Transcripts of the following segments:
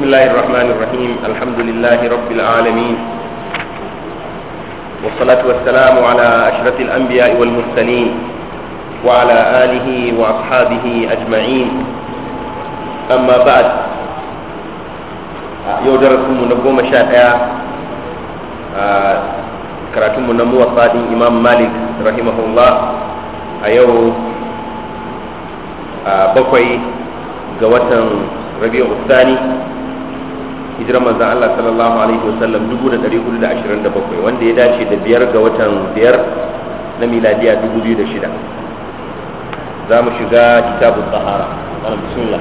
بسم الله الرحمن الرحيم الحمد لله رب العالمين والصلاة والسلام على أشرف الأنبياء والمرسلين وعلى آله وأصحابه أجمعين أما بعد يودركم نقوم شاتا كراتم نمو صاد إمام مالك رحمه الله أيو بقي جواتن ربيع الثاني hijirar manzan Allah sallallahu alaihi wasallam 1427 wanda ya dace da biyar ga watan biyar na miladiya 2006 za mu shiga kitabun sahara alhamdulillah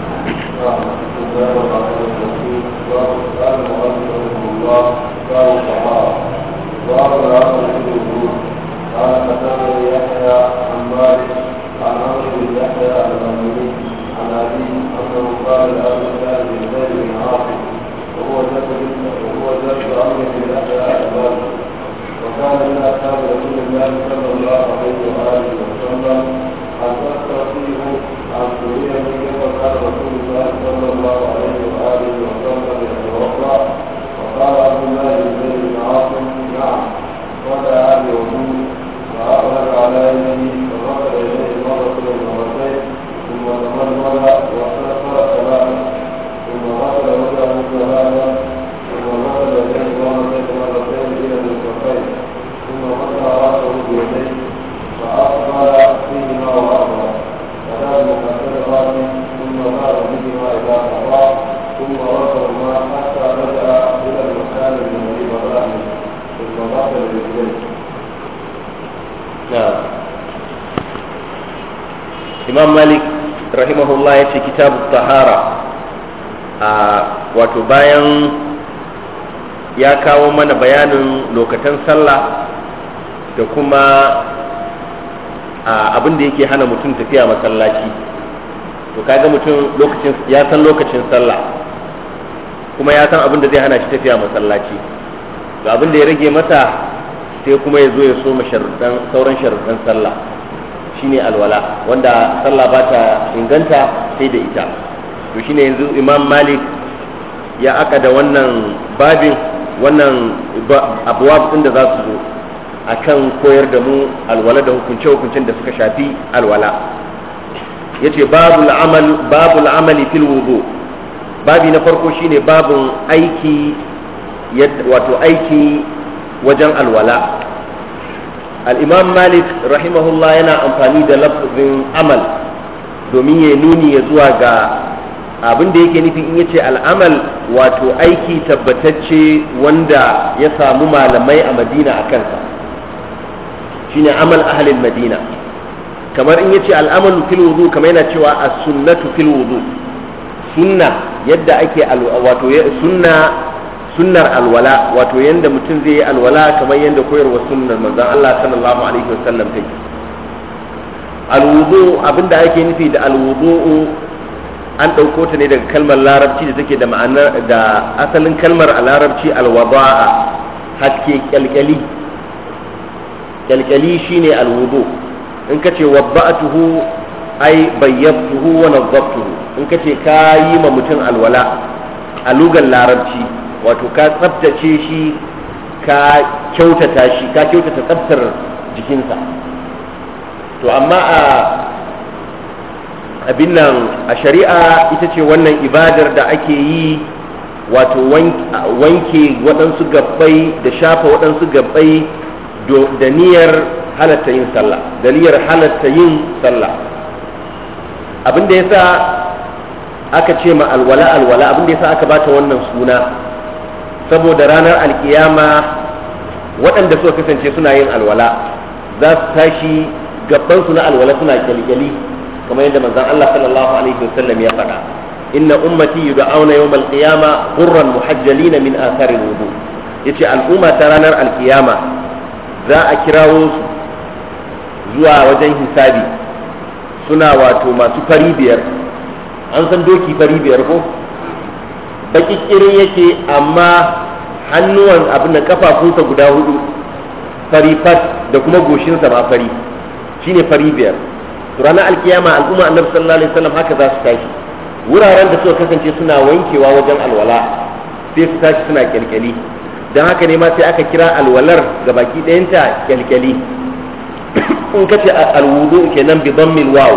بسم الله قال يحيى عن مالك عن عمرو انه قال لا بد من زيد بن عاصم وهو ذات وهو ذات امر من احياء وكان من اصحاب رسول الله صلى الله عليه واله وسلم قد اكثر عن سوريا وقال رسول الله صلى الله عليه واله وسلم يتوضا وقال عبد الله بن زيد بن عاصم نعم ودعا بوجود وأخرج على يده فغسل يديه مرة مرتين ثم تمرمر واستغفر ثلاثا imam malik rahimahullah ya ce kitabu tahara wato bayan ya kawo mana bayanin lokacin sallah da kuma abin da yake hana mutum tafiya masallaci to kaga mutum lokacin ya san lokacin sallah kuma ya san abin da zai hana shi tafiya masallaci ga abin da ya rage mata sai kuma ya zo ya so sauran sharuɗan sallah shine alwala wanda sallah ba ta inganta sai da ita to shine yanzu imam malik ya aka da wannan babin wannan abuwab din da za su zo akan koyar da mu alwala da hukunce hukuncen da suka shafi alwala yace babul amal babul amali fil wudu babi na farko shine babun aiki wato aiki wajen alwala al-imam malik rahimahullah yana amfani da lafzin amal domin ya nuni ya zuwa ga abin da yake nufi in yace al'amal wato aiki tabbatacce wanda ya samu malamai a madina a kansa shine amal ahalin madina kamar in yace al'amal fil wudu kamar yana cewa as-sunnatu fil wudu sunna yadda ake wato sunna sunnar alwala wato yanda mutum zai yi alwala kamar yanda koyarwa sunnar manzon Allah sallallahu alaihi wasallam take alwudu abinda ake nufi da alwudu an ɗauko ta ne daga kalmar larabci da take da ma'anar da asalin kalmar a larabci alwada'a haske kyalkyali kyalkyali shine alwudu in ka ce wabba'atuhu ai bayyabtuhu wa nazzabtuhu in ka ce ka yi ma mutum alwala a lugan larabci wato ka tsabtace shi ka kyautata shi ka kyautata tsabtar jikinsa to amma a abin nan a shari'a ita ce wannan ibadar da ake yi wato wanke waɗansu gabbai da shafa waɗansu gabbai da niyyar halatta yin sallah da niyyar halatta yin sallah abin da yasa aka ce ma alwala alwala abin da yasa aka bata wannan suna saboda ranar alkiyama waɗanda suka kasance suna yin alwala za su tashi gabbansu na alwala suna kyalkyali kamar yadda manzon Allah sallallahu alaihi wasallam ya faɗa inna ummati yud'auna yawm al-qiyama qurran muhajjalin min athari wudu yace al'umma ta ranar alkiyama za a kirawo su zuwa wajen hisabi suna wato masu fari biyar an san doki fari biyar ko baki kirin yake amma hannuwan abin da kafafunsa guda hudu fari fat da kuma goshinsa ma fari shine fari biyar to ranar alkiyama al'umma annabi sallallahu alaihi wasallam haka za su tashi wuraren da suka kasance suna wankewa wajen alwala sai su tashi suna kyalkyali don haka ne ma sai aka kira alwalar ga baki ɗayanta kyalkyali in ka ce alwudu kenan bi dhammil waw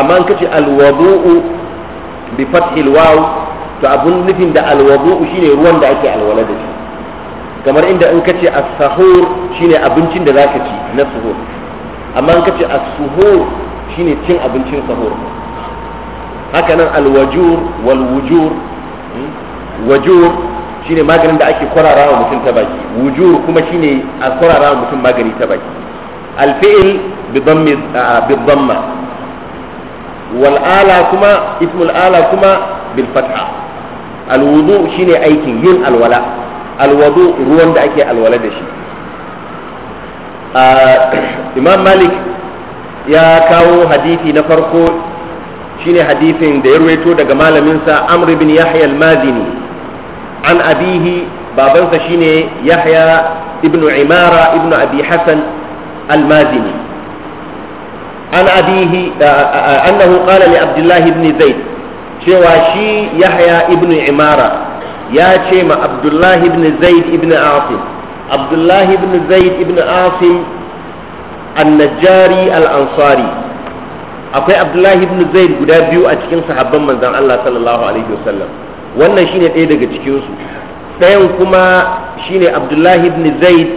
amma in ka ce alwudu bi fathil waw to abun nufin da alwudu shine ruwan da ake alwala da shi kamar inda in ka ce as suhur shine abincin da zaka ci na suhur amma in ka ce as-suhur shine cin abincin sahur haka nan alwajur walwujur hmm? wajur shine maganin da ake kwararawa mutum ta baki wujur kuma shine a kwararawa mutum magani ta baki alfi'il bi dhamma wal ala kuma ismul ala kuma bil fatha alwudu shine aikin yin alwala alwudu ruwan da ake alwala da shi imam malik ya kawo hadisi na farko shine hadisin da ya ruwaito daga malaminsa amr bin yahya al madini an abihi babansa shine yahya ibn imara ibn abi hasan al madini an abihi annahu qala li abdullah ibn zaid cewa shi yahya ibn imara ya ce ma abdullah ibn zaid ibn asim abdullah ibn zaid ibn asim annajari al-ansari akwai abdullahi ibn zaid guda biyu a cikin sahabban manzon Allah sallallahu alaihi wasallam wannan shine ɗaya daga cikin su ɗayan kuma shine abdullahi ibn zaid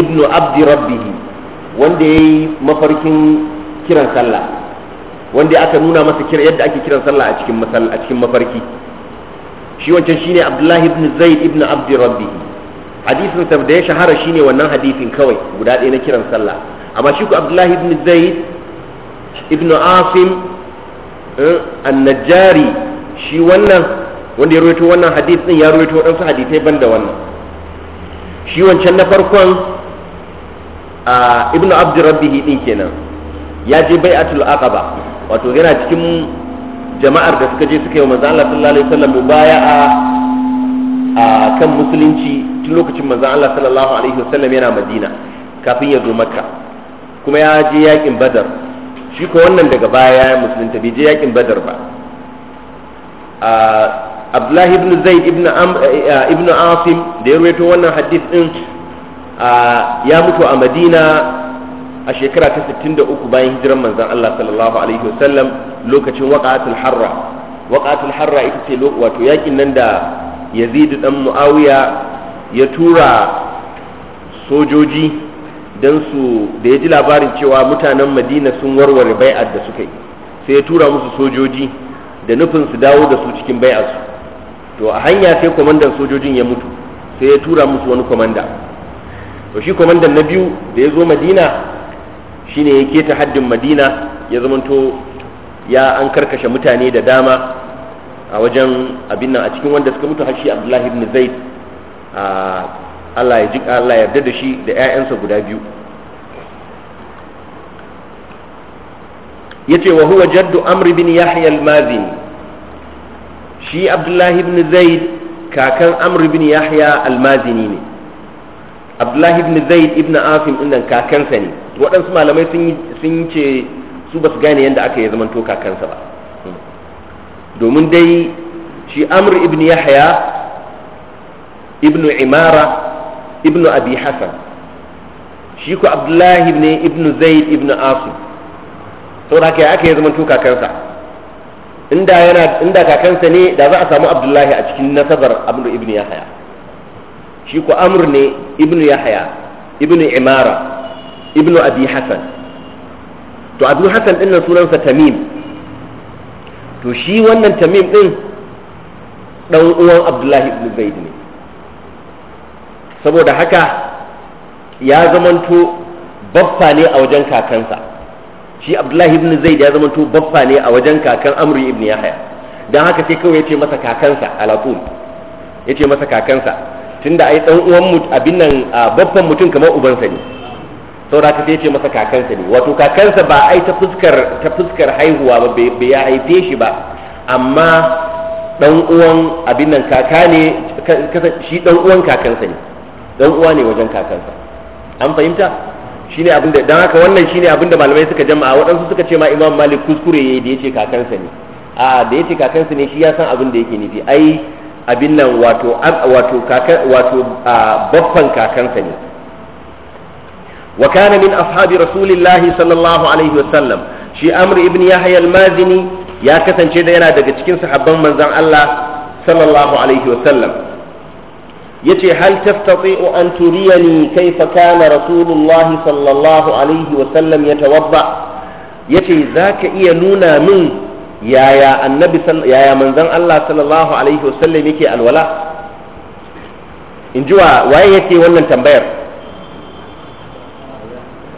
ibn abdi rabbih wanda yayi mafarkin kiran sallah wanda aka nuna masa kira yadda ake kiran sallah a cikin a cikin mafarki shi wancan shine abdullahi ibn zaid ibn abdi rabbih hadisin sa da ya shahara shine wannan hadisin kawai guda ɗaya na kiran sallah amma shi ku abdullahi ibn zaid ibn asim annajari shi wannan wanda ya rawaito wannan hadith din ya rawaito wadansu hadithai banda wannan shi wancan na farkon ibn abd rabbihi din kenan ya je bai'atul aqaba wato yana cikin jama'ar da suka je suka yi manzo Allah sallallahu alaihi wasallam mubaya'a a kan musulunci tun lokacin manzo Allah sallallahu alaihi wasallam yana Madina kafin ya zo Makka kuma ya je yakin badar shi ko wannan daga baya ya musulunta bai je yakin badar ba abdullahi ibn zaid ibn eh, eh, eh, ibn asim da ya rawaito wannan hadith din ya mutu a madina a shekara ta 63 bayan hijiran manzon Allah sallallahu alaihi wasallam lokacin waqatul harra waqatul harra ita ce wato yakin nan da Yazid dan Muawiya ya tura sojoji don su da ya ji labarin cewa mutanen madina sun warware bai'ar da suka yi sai ya tura musu sojoji da nufin su dawo da su cikin bai'ar su to a hanya sai kwamandan sojojin ya mutu sai ya tura musu wani kwamanda to shi kwamandan na biyu da ya zo madina shine ya keta haddin madina ya zamanto ya an karkashe mutane da dama a wajen abin nan a cikin wanda suka mutu har shi abdullahi ibn zaid a Allah ya ji Allah yarda da shi da ƴaƴansa guda biyu yace wa huwa jaddu amr bin yahya al-mazini shi abdullahi ibn zaid kakan amr bin yahya al-mazini ne abdullahi ibn zaid ibn afim ɗin kakansa ne waɗansu malamai sun yi ce su ba su gane yadda aka yi zamanto kakansa ba domin dai shi amr ibn yahya ibn imara ibnu abi hasan shi ku abdullahi ne ibnu zaid ibnu asu to da aka yi zaman to kakansa inda yana inda kakansa ne da za a samu abdullahi a cikin nasabar amru ibnu yahya shi ku amr ne ibnu yahya ibnu imara ibnu abi hasan to abu hasan din nan sunansa tamim to shi wannan tamim din dan uwan abdullahi ibnu zaid ne saboda haka ya zamanto baffa ne a wajen kakansa shi abdullahi ibn zaid ya zamanto baffa ne a wajen kakan amru ibn yahya dan haka sai kawai yace masa kakansa alaqul yace masa kakansa tunda ai dan uwan mu abin nan baffan mutum kamar ubansa ne saboda haka sai yace masa kakansa ne wato kakansa ba ai ta fuskar ta fuskar haihuwa ba bai ya haife shi ba amma dan uwan abin nan kaka ne shi dan uwan kakansa ne dan uwa ne wajen kakansa an fahimta shine abin da dan haka wannan shine abin da malamai suka jama'a waɗansu suka ce ma imam malik kuskure yayi da yace kakansa ne a da yace kakansa ne shi ya san abin da yake nufi ai abin nan wato wato kakan wato babban kakansa ne wa kana min ashabi rasulillahi sallallahu alaihi wasallam shi amr ibn yahya al-mazini ya kasance da yana daga cikin sahabban manzon Allah sallallahu alaihi wasallam yace hal tastati'u an turiyani kaifa kana rasulullahi sallallahu alaihi wa sallam yatawadda yace zaka iya nuna min yaya annabi yaya manzon Allah sallallahu alaihi wa sallam yake alwala in ji wa waye yake wannan tambayar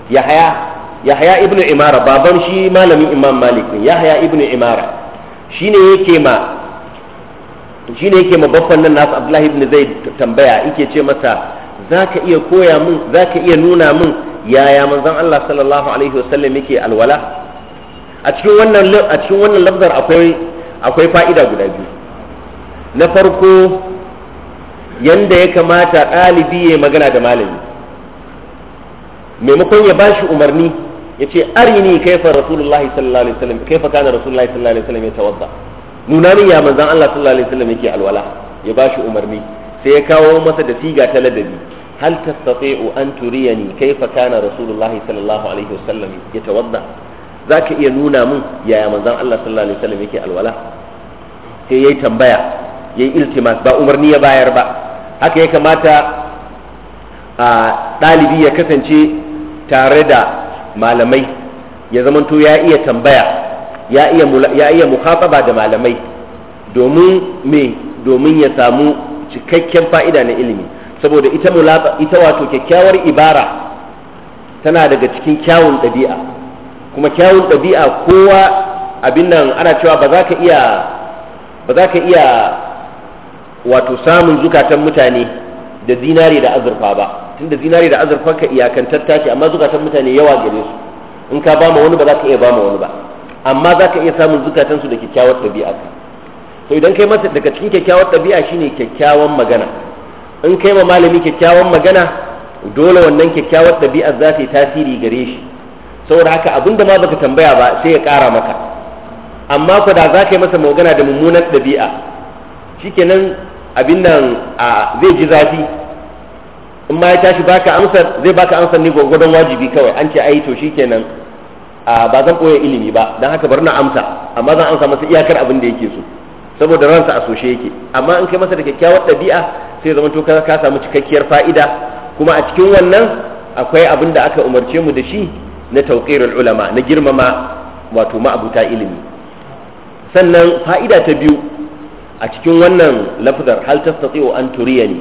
yahya yahya ibnu imara baban shi malamin imam malik ne yahya ibnu imara shine yake ma to shine yake mabaffan nan nasu Abdullahi ibn Zaid tambaya yake ce masa zaka iya koya min zaka iya nuna min yaya manzon Allah sallallahu alaihi wasallam yake alwala a cikin wannan a cikin wannan lafzar akwai akwai fa'ida guda biyu na farko yanda ya kamata ɗalibi ya magana da malami maimakon ya bashi umarni ya ce arini kaifa rasulullahi sallallahu alaihi wasallam kaifa kana rasulullahi sallallahu alaihi wasallam ya tawadda nuna min ya manzan Allah sallallahu alaihi wasallam yake alwala ya bashi umarni sai ya kawo masa da siga ta ladabi hal tastati'u an turiyani kaifa kana rasulullahi sallallahu alaihi wasallam yatawadda zaka iya nuna min ya manzan Allah sallallahu alaihi wasallam yake alwala sai yayi tambaya yayi iltimas ba umarni ya bayar ba haka ya kamata a ɗalibi ya kasance tare da malamai ya zamanto ya iya tambaya ya iya ya mukhataba da malamai domin me domin ya samu cikakken fa'ida na ilimi saboda ita mulaba ita wato kyakkyawar ibara tana daga cikin kyawun ɗabi'a kuma kyawun ɗabi'a kowa abin nan ana cewa ba za ka iya ba za ka iya wato samun zukatan mutane da zinare da azurfa ba tunda zinari da azurfa ka iyakantar tattaki amma zukatan mutane yawa gare su in ka bama wani ba za ka iya ba wani ba amma za ka iya samun zukatansu da kyakkyawar ɗabi'a to idan kai masa daga cikin kyakkyawar ɗabi'a shine kyakkyawan magana in kai ma malami kyakkyawan magana dole wannan kyakkyawar ɗabi'a za ta yi tasiri gare shi saboda haka abin da ma baka tambaya ba sai ya ƙara maka amma ko da za ka yi masa magana da mummunan ɗabi'a shikenan abin nan zai ji zafi in ma ya tashi baka amsar zai baka amsar ni gwagwadon wajibi kawai an ce ai to shikenan ba zan koya ilimi ba don haka bar na amsa amma zan amsa masa iyakar abin da yake so saboda ransa a soshe yake amma in kai masa da kyakkyawar ɗabi'a sai zama to ka samu cikakkiyar fa'ida kuma a cikin wannan akwai abin da aka umarce mu da shi na tauqirul ulama na girmama wato ma'abuta ilimi sannan fa'ida ta biyu a cikin wannan lafzar hal tastati'u an turiyani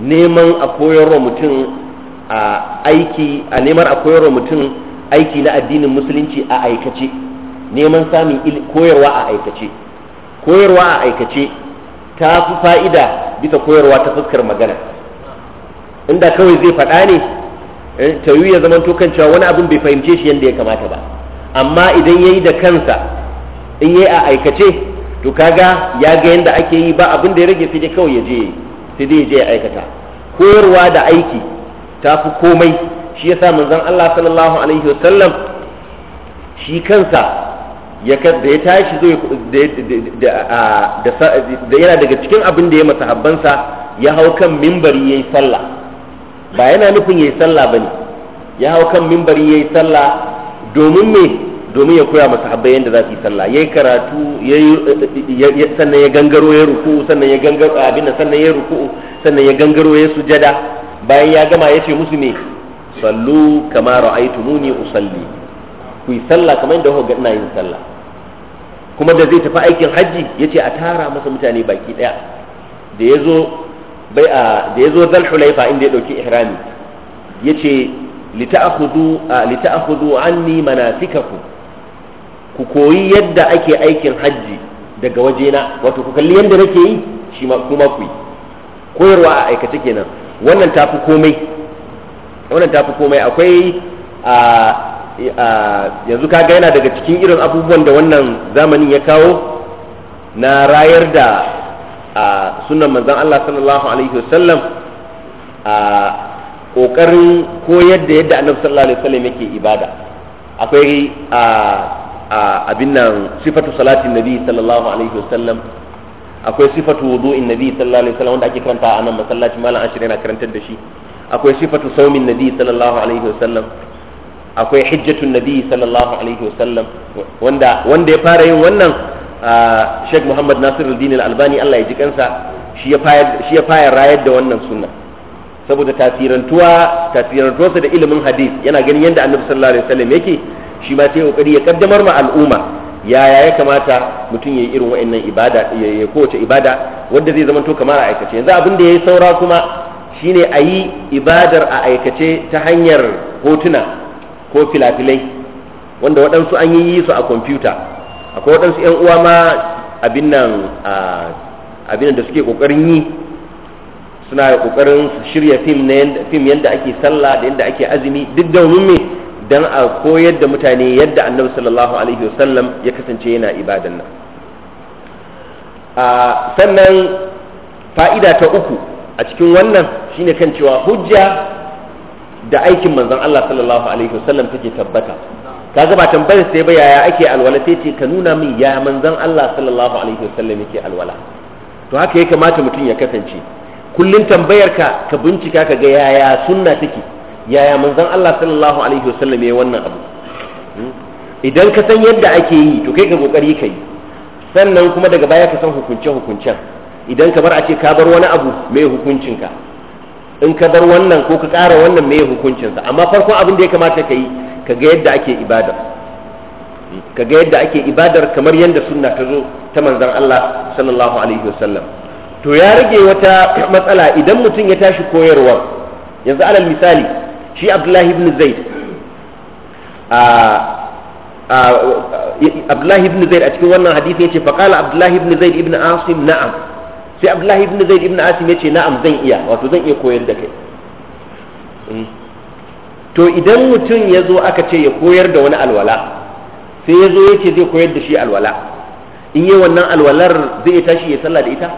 neman a koyarwa mutum a aiki a neman a koyarwa mutum aiki na addinin musulunci a aikace neman samun koyarwa a aikace koyarwa a aikace ta fi fa'ida bisa koyarwa ta fuskar magana inda kawai zai faɗa ne eh, yi ya zama kan cewa wani abin bai fahimce shi yadda ya kamata ba amma idan ya yi da kansa in ya yi a aikace to kaga ya ga yadda ake yi ba abin da ya rage sai dai kawai ya je sai dai ya je ya aikata koyarwa da aiki ta fi komai shi yasa manzon Allah sallallahu alaihi wasallam shi kansa ya da ya tashi zo da yana daga cikin abin da ya masahabbansa ya hau kan mimbari yayi sallah ba yana nufin yayi sallah bane ya hau kan mimbari yayi sallah domin me domin ya koya masahabbai yadda za su yi sallah yayi karatu yayi sannan ya gangaro ya ruku sannan ya gangaro abin sannan ya ruku sannan ya gangaro ya sujada bayan ya gama ya ce musu me sallu kama ra'aytumuni usalli ku yi sallah kamar yadda kuka ina yin sallah kuma da zai tafi aikin hajji yace a tara masa mutane baki daya da yazo bai a da yazo zal hulaifa inda ya dauki ihrami yace li ta'khudhu anni manasikakum ku koyi yadda ake aikin hajji daga wajena wato ku kalli yadda nake yi shi ma kuma ku yi koyarwa a aikace kenan wannan tafi komai wannan tafi komai akwai yanzu ka yana daga cikin irin abubuwan da wannan zamanin ya kawo na rayar da sunan manzan Allah sallallahu alaihi wasallam a kokarin koyar da yadda annabi sallallahu alaihi wasallam yake ibada akwai a abin nan sifatu salatin nabi sallallahu alaihi wasallam akwai sifatu wudu'in nabi sallallahu alaihi wasallam wanda ake karanta a nan masallaci malam ashir yana karantar da shi akwai sifatu saumin nabi sallallahu alaihi wasallam akwai hijjatun nabi sallallahu alaihi wasallam wanda wanda ya fara yin wannan Sheikh Muhammad Nasir al-Din al-Albani Allah ya ji kansa shi ya fayar shi ya fayar rayar da wannan sunna saboda tasirantuwa tasirantuwarsa da ilimin hadith yana ganin yadda Annabi sallallahu alaihi wasallam yake shi ma sai kokari ya kaddamar ma al'umma yaya ya kamata mutum ya yi irin wa'annan ibada ya kowace ibada wanda zai zama to kamar a aikace yanzu abin da ya yi saura kuma shine a yi ibadar a aikace ta hanyar hotuna ko filafilai wanda waɗansu an yi su a kwamfuta akwai waɗansu 'yan uwa ma abin nan da suke ƙoƙarin yi suna ƙoƙarin shirya fim yadda ake sallah da yadda ake azumi duk da wani don a koyar da mutane yadda annabi sallallahu alaihi wasallam ya kasance yana ibadan nan sannan fa'ida ta uku a cikin wannan shine kan cewa hujja da aikin manzon Allah sallallahu alaihi wasallam take tabbata kaga ba tambayar sai ba yaya ake alwala sai ce ka nuna min ya manzon Allah sallallahu alaihi wasallam yake alwala to haka ya kamata mutum ya kasance kullun tambayar ka ka bincika ka ga yaya sunna take yaya manzon Allah sallallahu alaihi wasallam yayi wannan abu hmm? idan ka san yadda ake yi to kai ka kokari ka yi sannan kuma daga baya ka san hukunce hukuncen idan kamar a ce ka bar wani abu mai hukuncinka in ka bar wannan ko ka kara wannan mai hukuncinsa amma farko abin da ya kamata ka yi ka ga yadda ake ibadar ka ga yadda ake ibadar kamar yadda sunna ta zo ta manzon Allah sallallahu alaihi wasallam to ya rage wata matsala idan mutum ya tashi koyarwa yanzu alal misali shi Abdullahi ibn Zaid a Abdullahi ibn Zaid a cikin wannan hadisi yace faqala Abdullahi ibn Zaid ibn Asim na'am sai abdullahi ibn zaid ibn asim yace na'am zan iya wato zan iya koyar da kai hmm. to idan mutum ya zo aka ce ya koyar da wani alwala sai ya zo ya ce zai koyar da shi alwala in yi wannan alwalar zai tashi ya sallah da ita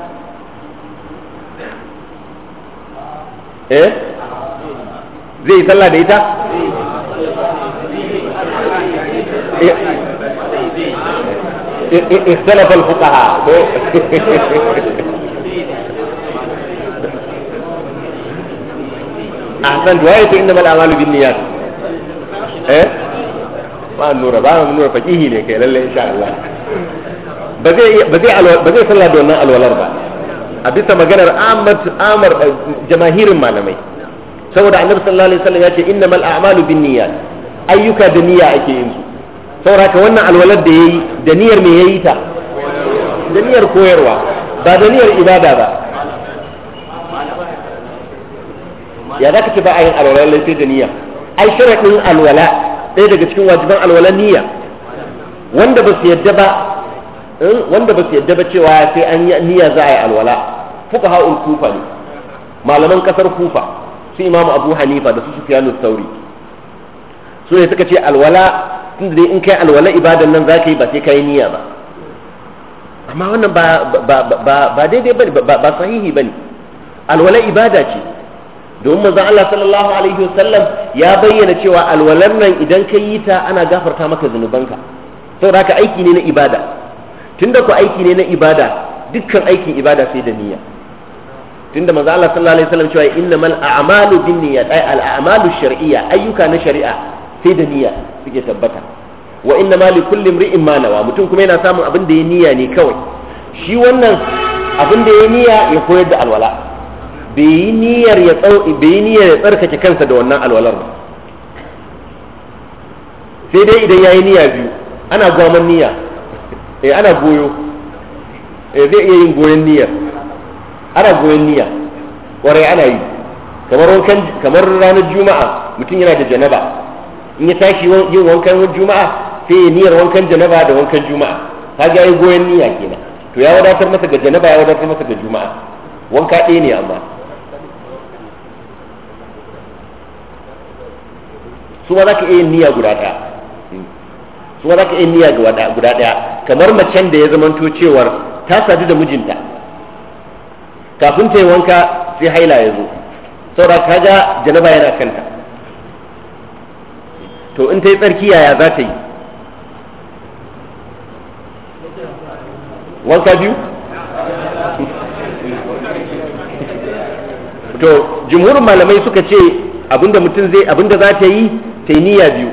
eh zai sallah da ita اختلف eh, الفقهاء eh, eh, ahsan waye inda mala a'malu binniyat eh ba nura ba nura fakihi ne kai lalle insha Allah ba zai ba zai ba zai sallah da wannan alwalar ba a bisa maganar Ahmad Amar eh, jamahirin malamai saboda Annabi sallallahu alaihi wasallam ya ce innamal a'malu niyyat ayyuka da niyya ake yin su saboda ka wannan alwalar da yayi da niyyar me yayi ta da niyyar koyarwa ba da niyyar ibada ba ya za ka ce ba a yin alwala lallai da niyya ai sharadin alwala ɗaya daga cikin wajiban alwala niyya wanda ba su yadda ba eh, wanda ba su yadda ba cewa sai an niyya za a yi alwala fuka ha'ul kufa ne malaman kasar kufa su imamu abu hanifa da su sufyanu sauri su ne suka ce alwala tunda dai in kai alwala ibadan nan za ka yi ba sai ka yi niyya ba amma wannan ba daidai ba ne ba sahihi ba ne alwala ibada ce domin manzon Allah sallallahu alaihi wasallam ya bayyana cewa alwalan nan idan ka yi ta ana gafarta maka zunubanka saboda haka aiki ne na ibada tunda ku aiki ne na ibada dukkan aikin ibada sai da niyya tunda manzo Allah sallallahu alaihi wasallam cewa innamal a'malu binniyat ay al a'malu shar'iyya ayyuka na shari'a sai da niyya suke tabbata wa innama li kulli imri'in ma nawa mutum kuma yana samun abin da ya niyya ne kawai shi wannan abin da ya niyya ya koyar da alwala bai yi niyyar ya tsarkake kansa da wannan alwalar ba sai dai idan ya yi niyya biyu ana gwaman niyya eh ana goyo eh zai iya yin goyon niyya ana goyon niyya warai ana yi kamar wankan kamar ranar juma'a mutum yana da janaba in ya tashi yin wankan juma'a sai ya niyyar wankan janaba da wankan juma'a kaga yayi goyon niyya kenan to ya wadatar masa ga janaba ya wadatar masa ga juma'a wanka ɗaya ne amma su ba za ka iya niyya guda ɗaya su ba za ka iya niyya guda ɗaya kamar macen da ya zamanto cewar ta sadu da mijinta kafin ta yi wanka sai haila ya zo saura kaga janaba yana kanta to in ta yi tsarki yaya za ta yi wanka biyu to jimurin malamai suka ce abinda mutum zai abinda za ta yi tai niyya biyu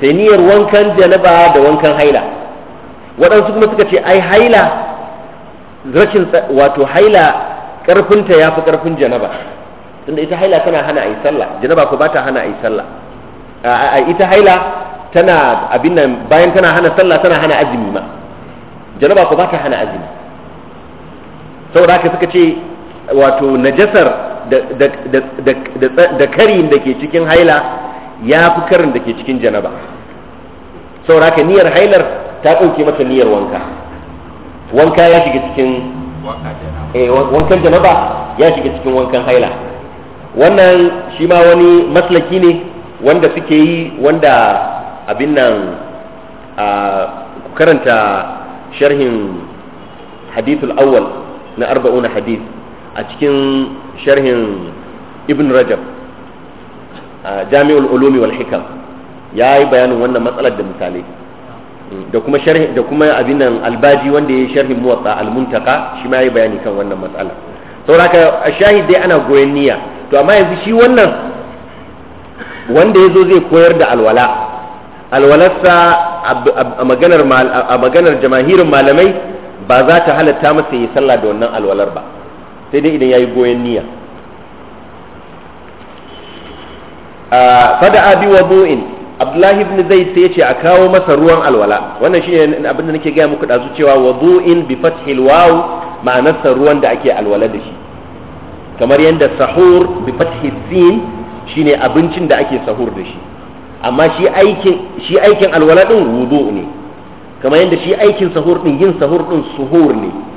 tai niyyar wankan janaba da wankan haila waɗansu kuma suka ce ai haila rashin wato haila ƙarfinta ya fi ƙarfin janaba tunda ita haila tana hana a yi sallah janaba ko ba ta hana a yi sallah ita haila tana abin nan bayan tana hana sallah tana hana azumi ma janaba ko ba ta hana azumi saboda haka suka ce wato najasar da karin da ke cikin haila ya fi karin da ke cikin janaba sauraka niyyar hailar ta ɗauke mata niyyar wanka wanka ya shiga cikin eh, wankan janaba ya shiga cikin wankan haila wannan shi ma wani maslaki ne wanda suke yi wanda abin nan a karanta sharhin hadithul awwal na arba'una hadith a cikin sharhin ibn rajab jami'ul ulumi wal hikam ya yi bayanin wannan matsalar da misali da kuma sharhi da kuma abin nan albaji wanda ya yi sharhin muwatta almuntaka shi ma ya yi bayani kan wannan matsala saboda a shahid dai ana goyon niyya to amma yanzu shi wannan wanda ya zo zai koyar da alwala alwalarsa a maganar jamahirin malamai ba za ta halatta masa yi sallah da wannan alwalar ba sai dai idan ya yi goyon niyya abi wa bu'in abdullahi ibn zaid sai yace a kawo masa ruwan alwala wannan shine abin da nake gaya muku dazu cewa bu'in bi fathil waw ma'anarsa ruwan da ake alwala da shi kamar yadda sahur bi fathil sin shine abincin da ake sahur da shi amma shi aikin shi aikin alwala din wudu ne kamar yadda shi aikin sahur din yin sahur din suhur ne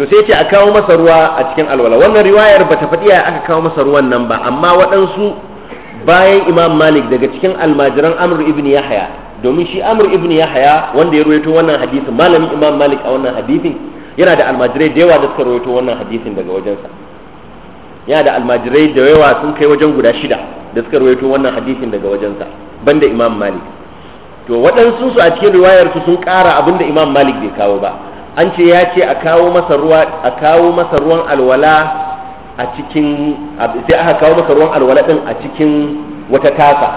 to sai ce a kawo masa ruwa a cikin alwala wannan riwayar bata faɗi ya aka kawo masa ruwan nan ba amma waɗansu bayan imam malik daga cikin almajiran amr ibn yahya domin shi amr ibn yahya wanda ya rawaito wannan hadisin malamin imam malik a wannan hadisin yana da almajirai da yawa da suka rawaito wannan hadisin daga wajensa yana da almajirai da yawa sun kai wajen guda shida da suka rawaito wannan hadisin daga wajensa banda imam malik to waɗansu su a cikin riwayar su sun ƙara abinda imam malik bai kawo ba an ce ya ce a kawo masa ruwa a kawo masa ruwan alwala a cikin sai aka kawo masa ruwan alwala din a cikin wata tasa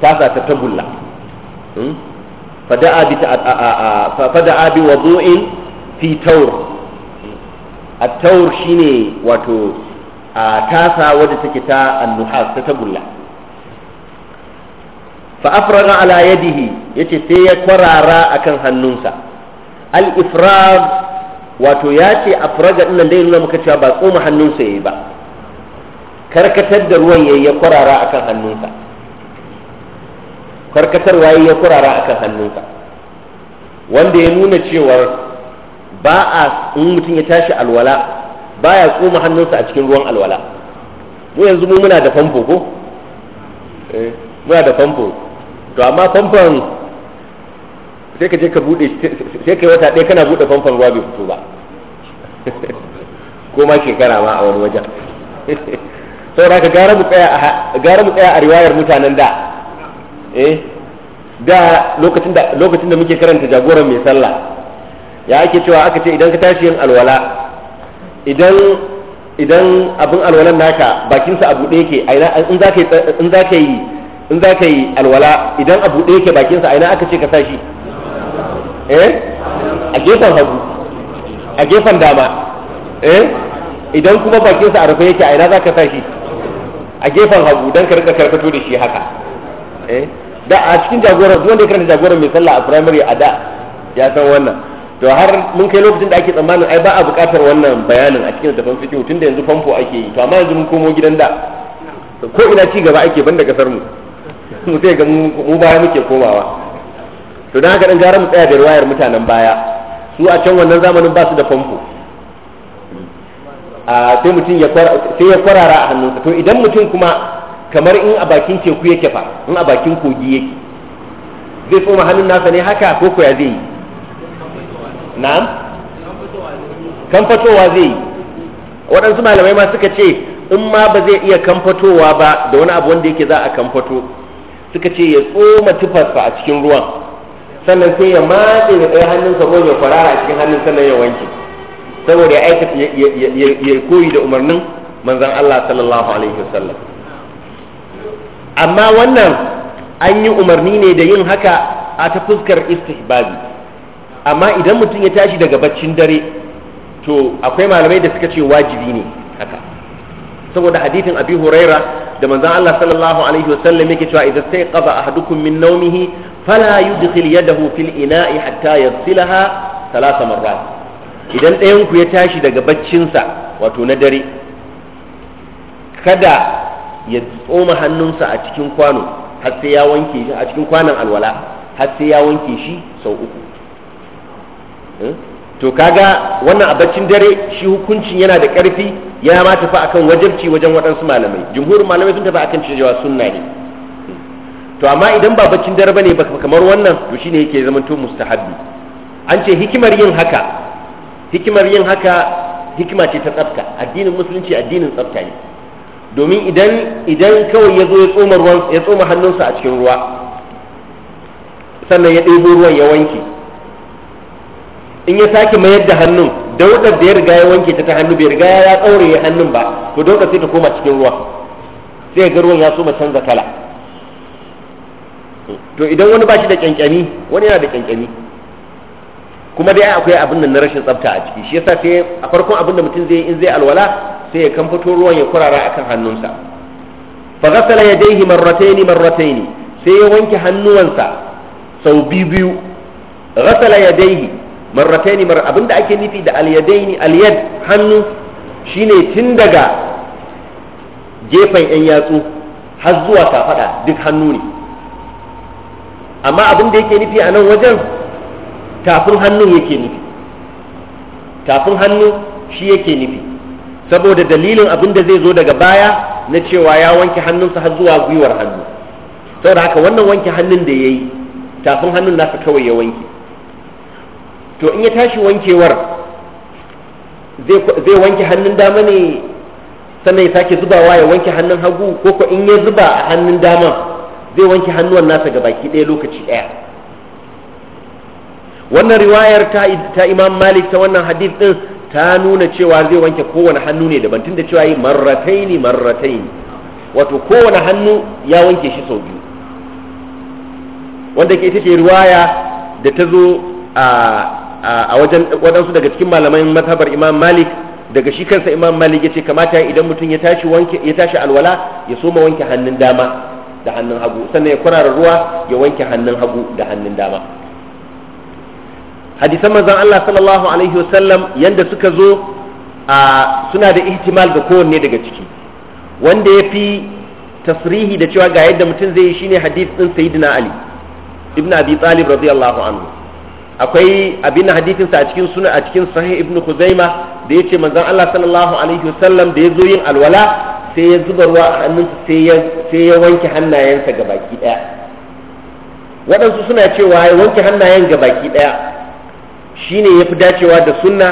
tasa ta tagulla hmm? fada'a bi fada'a bi wudu'in fi tawr at-tawr shine wato a tasa wadda take ta annuhas ta tabulla fa afraga ala yadihi yace sai ya kwarara akan hannunsa al wato ya ce afraga din nan dai nuna muka cewa ba tsoma hannunsa yayi ba karkatar da ruwan yayi ya kwarara akan hannunsa karkatarwa yayi ya kwarara akan hannunsa wanda ya nuna cewar ba a in mutum ya tashi alwala baya tsoma hannunsa a cikin ruwan alwala mu yanzu mu muna da famfo ko eh muna da famfo to amma famfon sai ka je ka bude sai kai wata ɗaya kana bude famfon ruwa bai fito ba ko ma shekara ma a wani wajen saboda ka gara mu tsaya a riwayar mutanen da eh da lokacin da lokacin da muke karanta jagoran mai sallah ya ake cewa aka ce idan ka tashi yin alwala idan idan abin alwalan naka sa a bude yake in za ka yi in za ka yi alwala idan a buɗe yake sa a ina aka ce ka sa shi eh a gefen hagu a gefen dama eh idan kuma bakinsa sa rufe yake a ina za ka shi a gefen hagu don ka rika karkato da shi haka eh? da a cikin jagoran wanda ya karanta jagoran mai sallah a primary a da ya san wannan to har mun kai lokacin da ake tsammanin ai ba a buƙatar wannan bayanin a cikin tafan fikihu tunda yanzu famfo ake yi to amma yanzu mun komo gidan da ko ina ci gaba ake banda kasar mu mu sai ga mu baya muke komawa to don haka dan gara mu tsaya da ruwayar mutanen baya su a can wannan zamanin ba su da famfo a sai mutum ya sai ya kwarara a hannunsa to idan mutum kuma kamar in a bakin teku yake fa in a bakin kogi yake zai tsoma hannun nasa ne haka ko koya zai yi na'am kamfatowa zai yi waɗansu malamai ma suka ce in ma ba zai iya kamfatowa ba da wani abu wanda yake za a kamfato suka ce ya tsoma tufarsa a cikin ruwan sannan sai ya matse da ɗaya hannunsa sa ya kwarara a cikin hannun sannan ya wanke saboda ya aikata ya koyi da umarnin manzon Allah sallallahu alaihi wasallam amma wannan an yi umarni ne da yin haka a ta fuskar istihbabi amma idan mutum ya tashi daga baccin dare to akwai malamai da suka ce wajibi ne haka saboda hadithin abi huraira da manzon Allah sallallahu alaihi wasallam yake cewa idan sai qaba ahadukum min nawmihi فلا يدخل يده fil ina'i hatta يغسلها ثلاث مرات idan ɗayanku ya tashi daga baccinsa wato na dare kada ya tsoma hannunsa a cikin kwano har sai ya wanke shi a cikin kwanon alwala har sai ya wanke shi sau uku to kaga wannan a baccin dare shi hukuncin yana da ƙarfi ya ma tafi akan wajabci wajen waɗansu malamai jumhurin malamai sun tafi akan cewa sunna ne to amma idan ba baccin dare bane ba kamar wannan to shine yake zama to mustahabbi an ce hikimar yin haka hikimar yin haka hikima ce ta tsafta addinin musulunci addinin tsafta ne domin idan idan kawai ya zo ya tsoma ruwan ya tsoma hannunsa a cikin ruwa sannan ya ɗebo ruwan ya wanke in ya sake mayar da hannun daudar da ya riga ya wanke ta ta hannu bai riga ya tsaure hannun ba to ka sai ta koma cikin ruwa sai ga ruwan ya soma canza kala to idan wani bashi da kyankyami wani yana da kyankyami kuma dai akwai abin nan na rashin tsafta a ciki shi yasa sai a farkon abin da mutum zai yi in zai alwala sai ya kamfato ruwan ya kurara akan hannunsa fa ghasala yadayhi marrataini marrataini sai ya wanke hannuwansa sau biyu biyu ghasala yadayhi marrataini mar abinda ake nufi da alyadaini alyad hannu shine tun daga gefen yan yatsu har zuwa kafada duk hannu ne amma abin da yake nufi a nan wajen tafin hannun yake nufi tafin hannu shi yake nufi saboda dalilin abin da zai zo daga baya na cewa ya wanke hannunsa har zuwa gwiwar hannu saboda haka wannan wanke hannun da ya yi tafin hannun nasa kawai ya wanke to in ya tashi wankewar zai wanke hannun dama ne sannan ya sake zubawa ya wanke hannun hagu ko ko in ya zuba a hannun dama zai wanke hannuwan nasa ga baki ɗaya lokaci ɗaya wannan riwayar ta imam malik ta wannan hadith ɗin ta nuna cewa zai wanke kowane hannu ne daban tunda cewa yi marratai ne wato kowane hannu ya wanke shi sau biyu wanda ke ita ce riwaya da ta zo a wajen waɗansu daga cikin malaman mazhabar imam malik daga shi kansa imam malik ya ce kamata idan mutum ya tashi wanke ya tashi alwala ya soma wanke hannun dama da hannun hagu sannan ya kwarara ruwa ya wanke hannun hagu da hannun dama hadisan manzon Allah sallallahu alaihi wasallam yanda suka zo a suna da ihtimal ga kowanne daga ciki wanda ya fi tasrihi da cewa ga yadda mutum zai yi shine hadis din sayyidina ali ibn abi talib radiyallahu anhu akwai abin hadisin sa a cikin suna a cikin sahih ibn khuzaima da yace manzon Allah sallallahu alaihi wasallam da yazo yin alwala sai ya zuba ruwa a hannunsa sai ya sai ya wanke hannayensa gabaki daya waɗansu suna cewa ya wanke hannayen gabaki daya shine yafi dacewa da sunna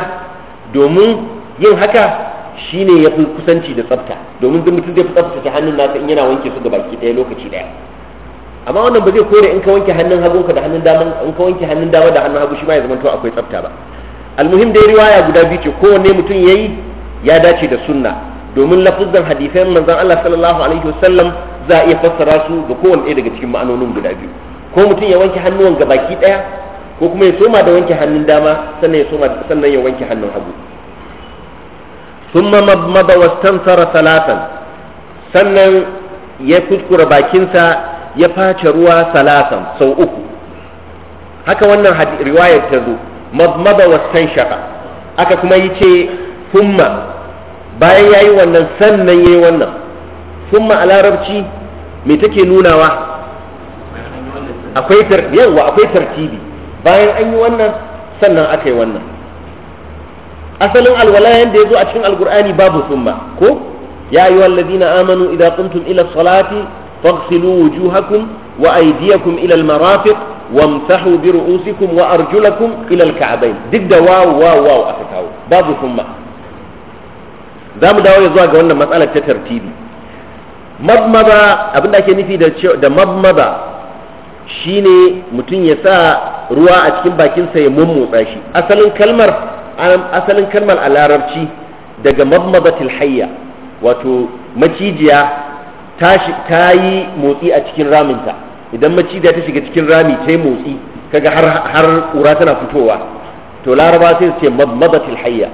domin yin haka shine yafi kusanci da tsafta domin duk mutum zai fi tsaftace hannun nasa in yana wanke su gabaki daya lokaci daya amma wannan ba zai kore in ka wanke hannun hagunka da hannun dama in ka wanke hannun dama da hannun hagu shi ma ya zamanto akwai tsafta ba almuhim dai riwaya guda biyu ce kowanne mutum yayi ya dace da sunna domin lafuzan hadisan manzon Allah sallallahu alaihi wasallam za a iya fassara su da kowanne ɗaya daga cikin ma'anonin guda biyu ko mutum ya wanke hannuwan baki ɗaya ko kuma ya soma da wanke hannun dama sannan ya soma sannan ya wanke hannun hagu thumma mabmada wastansara salatan sannan ya kuskura bakinsa ya face ruwa salasan sau uku haka wannan riwayar ta zo madmada wasan shaka aka kuma yi ce thumma bayan ya yi wannan sannan ya yi wannan thumma a larabci me take nunawa akwai yawa akwai tartibi bayan an yi wannan sannan aka yi wannan asalin alwala da ya zo a cikin alkur'ani babu thumma ko ya yi ayyuhallazina amanu idan qumtum ila salati فاغسلوا وجوهكم وأيديكم إلى المرافق وامتحوا برؤوسكم وأرجلكم إلى الكعبين ضد واو واو واو أفتاو باب ثم دام dawo ya zuwa مسألة wannan مضمضة أبدا tartibi mabmaba دا مضمضة shine mutum ya sa ruwa a cikin bakinsa ya mummutsa shi asalin kalmar asalin kalmar a larabci daga mabmabatil hayya wato macijiya ta yi motsi a cikin raminta idan macida ta shiga cikin rami ta yi motsi kaga har har kura tana fitowa to laraba sai su ce mabmadatil hayya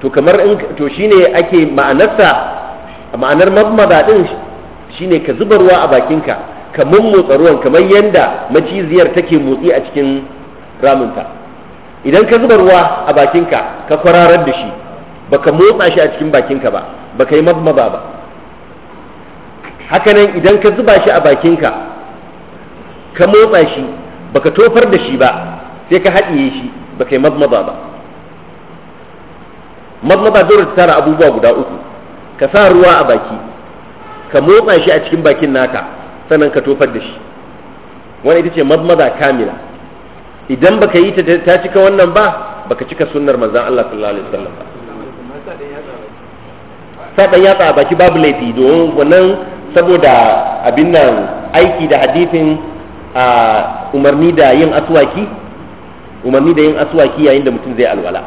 to kamar in to shine ake ma'anarsa ma'anar mabmada din shine ka zuba ruwa a bakinka ka mummotsa ruwan kamar yanda maciziyar take motsi a cikin raminta idan ka zuba ruwa a bakinka ka kwararar da shi baka motsa shi a cikin bakinka ba baka yi mabmada ba hakanan idan ka zuba shi a bakinka ka motsa shi baka tofar da shi ba sai ka haɗiye shi ba kai mazmaza ba mazmaza dole ta tara abubuwa guda uku ka sa ruwa a baki ka motsa shi a cikin bakin naka sannan ka tofar da shi wani ita ce mazmaza kamila idan baka yi ta cika wannan ba baka cika sunnar manzon Allah sallallahu alaihi wasallam ba sa dan yatsa a baki babu laifi domin wannan saboda abin nan aiki da hadithin umarni da yin aswaki umarni da yin aswaki yayin da mutum zai alwala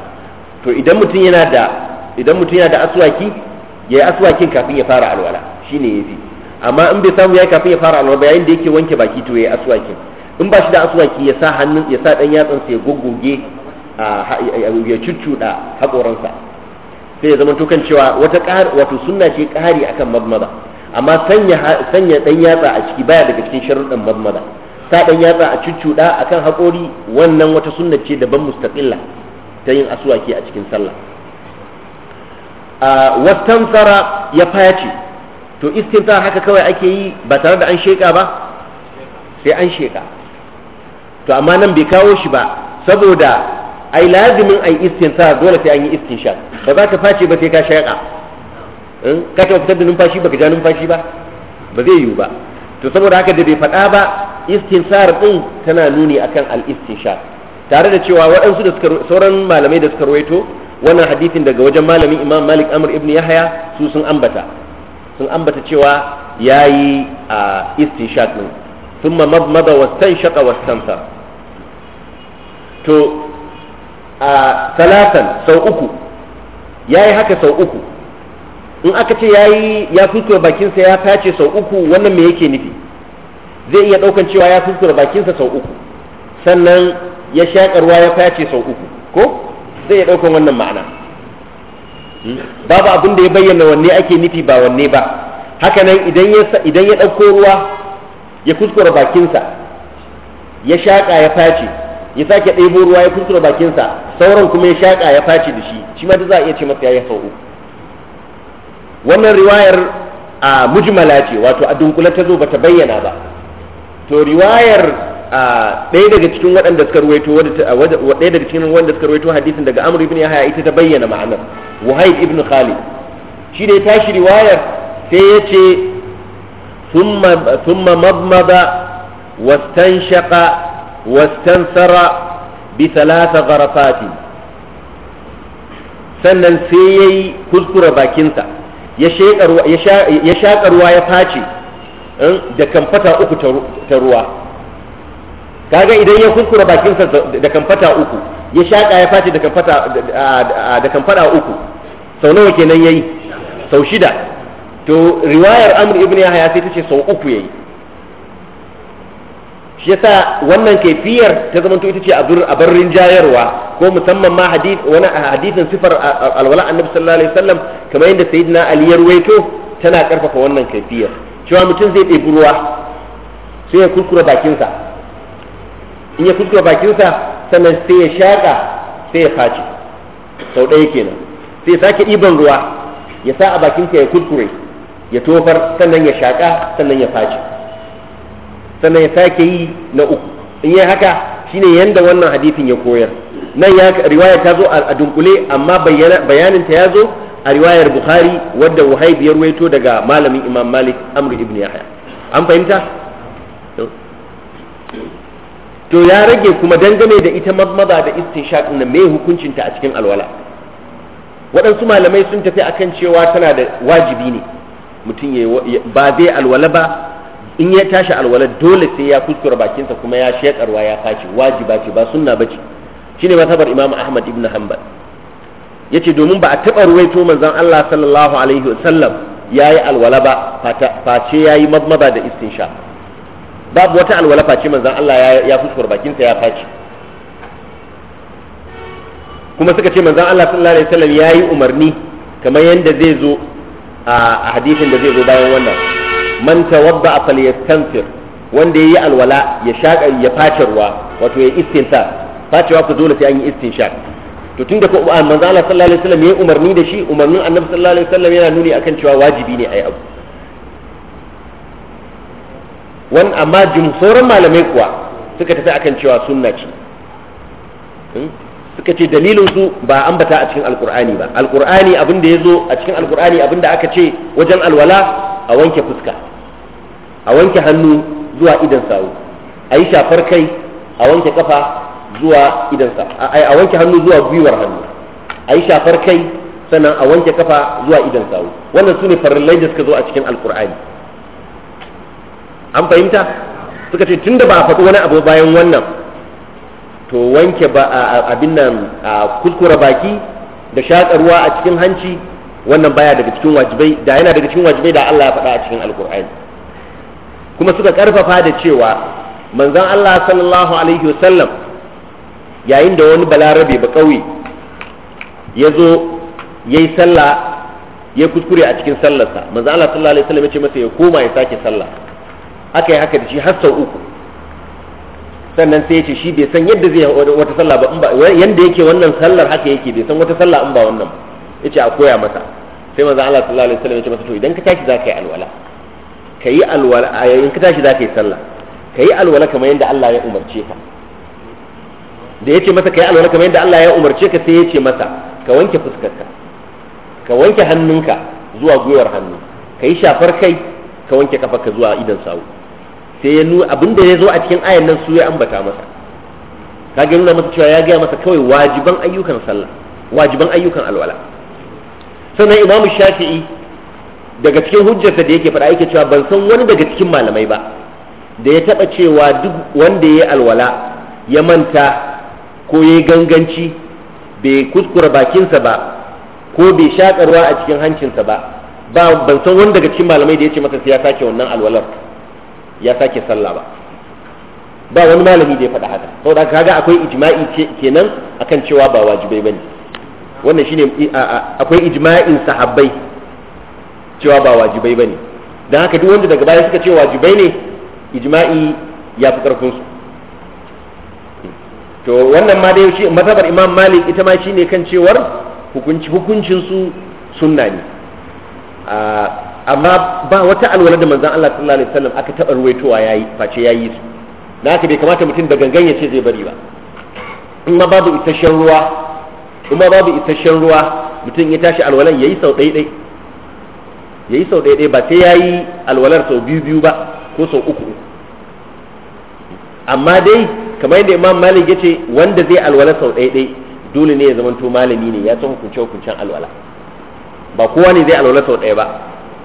to idan mutum yana da idan mutum yana da aswaki yayi aswakin kafin ya fara alwala shine yafi amma in bai samu yayi kafin ya fara alwala yayin da yake wanke baki to yayi aswakin in ba shi da aswaki ya sa hannun ya sa dan yatsan sa ya goggoge ya cuccuda hakoransa sai ya zama to kan cewa wata wato sunna ce kari akan madmada amma sanya sanya dan yatsa a ciki baya daga cikin sharuɗan mazmada sa ɗan yatsa a a akan hakori wannan wata sunna ce daban mustaqilla ta yin aswaki a cikin sallah wattan tsara ya fayace to istinta haka kawai ake yi ba tare da an sheka ba sai an sheka to amma nan bai kawo shi ba saboda ai lazimin ai istinta dole sai an yi istinsha ba za ka face ba sai ka sheka in ka taɓa fitar da numfashi baka ja numfashi ba ba zai yiwu ba to saboda haka da bai faɗa ba istinsar din tana nuni akan al-istinshar tare da cewa waɗansu da suka sauran malamai da suka rawaito wannan hadisin daga wajen malamin Imam Malik Amr ibn Yahya su sun ambata sun ambata cewa yayi a istinshar din thumma madmada wastanshaqa wastansar to a salatan sau uku yayi haka sau uku in aka ce ya yi ya fuskura bakinsa ya tace sau uku wannan me yake nufi zai iya ɗaukan cewa ya fuskura bakinsa sau uku sannan ya shaƙarwa ya tace sau uku ko zai iya ɗaukan wannan ma'ana hmm? babu abin da ya bayyana wanne ake nufi ba wanne ba hakanan idan ya idan ya ɗauko ruwa ya kuskura bakinsa ya shaƙa ya face ya sake ɗebo ruwa ya kuskura bakinsa sauran kuma ya shaƙa ya face da shi shi ma za a iya ce masa ya yi sau uku wannan riwayar a mujmala ce wato a dunkula ta zo bata bayyana ba to riwayar a ɗaya daga cikin waɗanda suka ruwaito ɗaya daga cikin waɗanda suka ruwaito hadisin daga Amr ibn Yahya ita ta bayyana ma'anar Wahid ibn Khalid shi ne tashi riwayar sai ya ce thumma thumma wastanshaqa wastansara bi thalatha gharafati sannan sai yayi kuskura bakinsa ya shaƙa ruwa ya face da kamfata uku ta ruwa kaga idan ya kunkura bakinsa da kamfata uku ya shaƙa ya face da kamfata uku sau nawa kenan yi? sau shida to riwayar amur ibn yahya sai ta ce sau uku ya yi. shi yasa wannan kaifiyar ta zama ita ce a barrin jayarwa ko musamman ma hadith wani hadithin sifar alwala annabi sallallahu alaihi wasallam kamar yadda sayyidina ali ya ruwaito tana karfafa wannan kaifiyar cewa mutum zai ɗebi ruwa sai ya kuskura bakinsa in ya kuskura bakinsa sannan sai ya shaka sai ya face sau ɗaya kenan sai ya sake ɗiban ruwa ya sa a bakinsa ya kuskure ya tofar sannan ya shaka sannan ya face sannan ya sake yi na uku in yi haka shine yanda wannan hadithin ya koyar nan ya riwaya ta zo a dunkule amma bayanin ta ya zo a riwayar bukhari wadda wahayb ya ruwaito daga malamin imam malik amru ibn yahya an fahimta to ya rage kuma dangane da ita mazmaza da istinshaq na me hukuncin ta a cikin alwala waɗansu malamai sun tafi akan cewa tana da wajibi ne mutum ba zai alwala ba in ya tashi alwala dole sai ya kuskura bakinsa kuma ya shekarwa ya faci wajiba ce ba sunna bace shine mazhabar Imam Ahmad ibn Hanbal yace domin ba a taba ruwaito manzon Allah sallallahu alaihi wasallam yayi alwala ba face yayi madmada da istinsha babu wata alwala face manzon Allah ya bakin bakinsa ya faci kuma suka ce manzon Allah sallallahu alaihi wasallam yayi umarni kamar yanda zai zo a hadisin da zai zo bayan wannan man tawadda falyastanfir wanda ya yi alwala ya shaka ya face ruwa wato ya istinsa facewa ku dole sai an yi istinshaq to tun da kuma manzo Allah sallallahu alaihi wasallam yayi umarni da shi umarnin annabi sallallahu alaihi wasallam yana nuni akan cewa wajibi ne ayi abu wan amma jumhurin malamai kuwa suka tafi akan cewa sunna ce hmm? suka ce dalilin su ba ambata a cikin alkur'ani ba alkur'ani abin da ya zo a cikin alkur'ani abin da aka ce wajen alwala a wanke fuska a wanke hannu zuwa idan sawu a yi shafar kai a wanke kafa zuwa idan a wanke hannu zuwa gwiwar hannu a yi shafar kai sannan a wanke kafa zuwa idan sawu wannan su ne farillai da suka zo a cikin alkur'ani an fahimta suka ce tunda ba a faɗi wani abu bayan wannan to wanke ba abin nan a kuskura baki da shaƙa ruwa a cikin hanci wannan baya daga cikin wajibai da yana daga cikin wajibai da Allah ya faɗa a cikin alkur'ani kuma suka karfafa da cewa manzon Allah sallallahu alaihi wasallam yayin da wani balarabe ba kauye ya zo ya yi sallah ya kuskure a cikin sallarsa manzon Allah sallallahu alaihi wasallam ya ce masa ya koma ya sake sallah aka yi haka da shi har sau uku sannan sai ya ce shi bai san yadda zai wata sallah ba in ba yanda yake wannan sallar haka yake bai san wata sallah in ba wannan ya ce a koya masa sai manzon Allah sallallahu alaihi wasallam ya ce masa to idan ka tashi za ka yi alwala ka yi alwala a yayin ka tashi za ka yi sallah ka yi alwala kamar yadda Allah ya umarce ka da ya ce masa ka yi alwala kamar yadda Allah ya umarce ka sai ya ce masa ka wanke fuskarka ka wanke hannunka zuwa gwiwar hannu ka yi shafar kai ka wanke kafarka zuwa idan sawu sai ya nuna abin da ya zo a cikin ayan nan su ya ambata masa ka ga nuna masa cewa ya gaya masa kawai wajiban ayyukan sallah wajiban ayyukan alwala sannan imamu shafi'i daga cikin hujjarsa da yake faɗa yake cewa ban san wani daga cikin malamai ba da ya taɓa cewa duk wanda ya yi alwala ya manta ko ya yi ganganci bai kuskura bakinsa ba ko bai shakarwa a cikin hancinsa ba ba ban san wani daga cikin malamai da ya ce masa sai ya sake wannan alwalar ya sake sallah ba ba wani malami da ya faɗa haka saboda kaga akwai ijma'i kenan akan cewa ba wajibai bane wannan shine akwai ijma'in sahabbai cewa ba wajibai bane dan haka duk wanda daga baya suka ce wajibai ne ijma'i ya fi karfin su to wannan ma dai shi mazhabar Imam Malik ita ma shine kan cewar hukunci hukuncin su sunna ne amma ba wata alwala da manzon Allah sallallahu alaihi wasallam aka taɓa ruwaitowa yayi face yayi su na haka bai kamata mutum da gangan ya ce zai bari ba in ma babu isasshen ruwa in ma babu isasshen ruwa mutum ya tashi alwalan yayi sau ɗaiɗai ya yi sau ɗaya ba sai ya yi alwalar sau biyu biyu ba ko sau uku amma dai kamar yadda imam malik ya ce wanda zai alwala sau ɗaya ɗaya dole ne ya zama to malami ne ya san hukunce hukuncen alwala ba kowa ne zai alwala sau ɗaya ba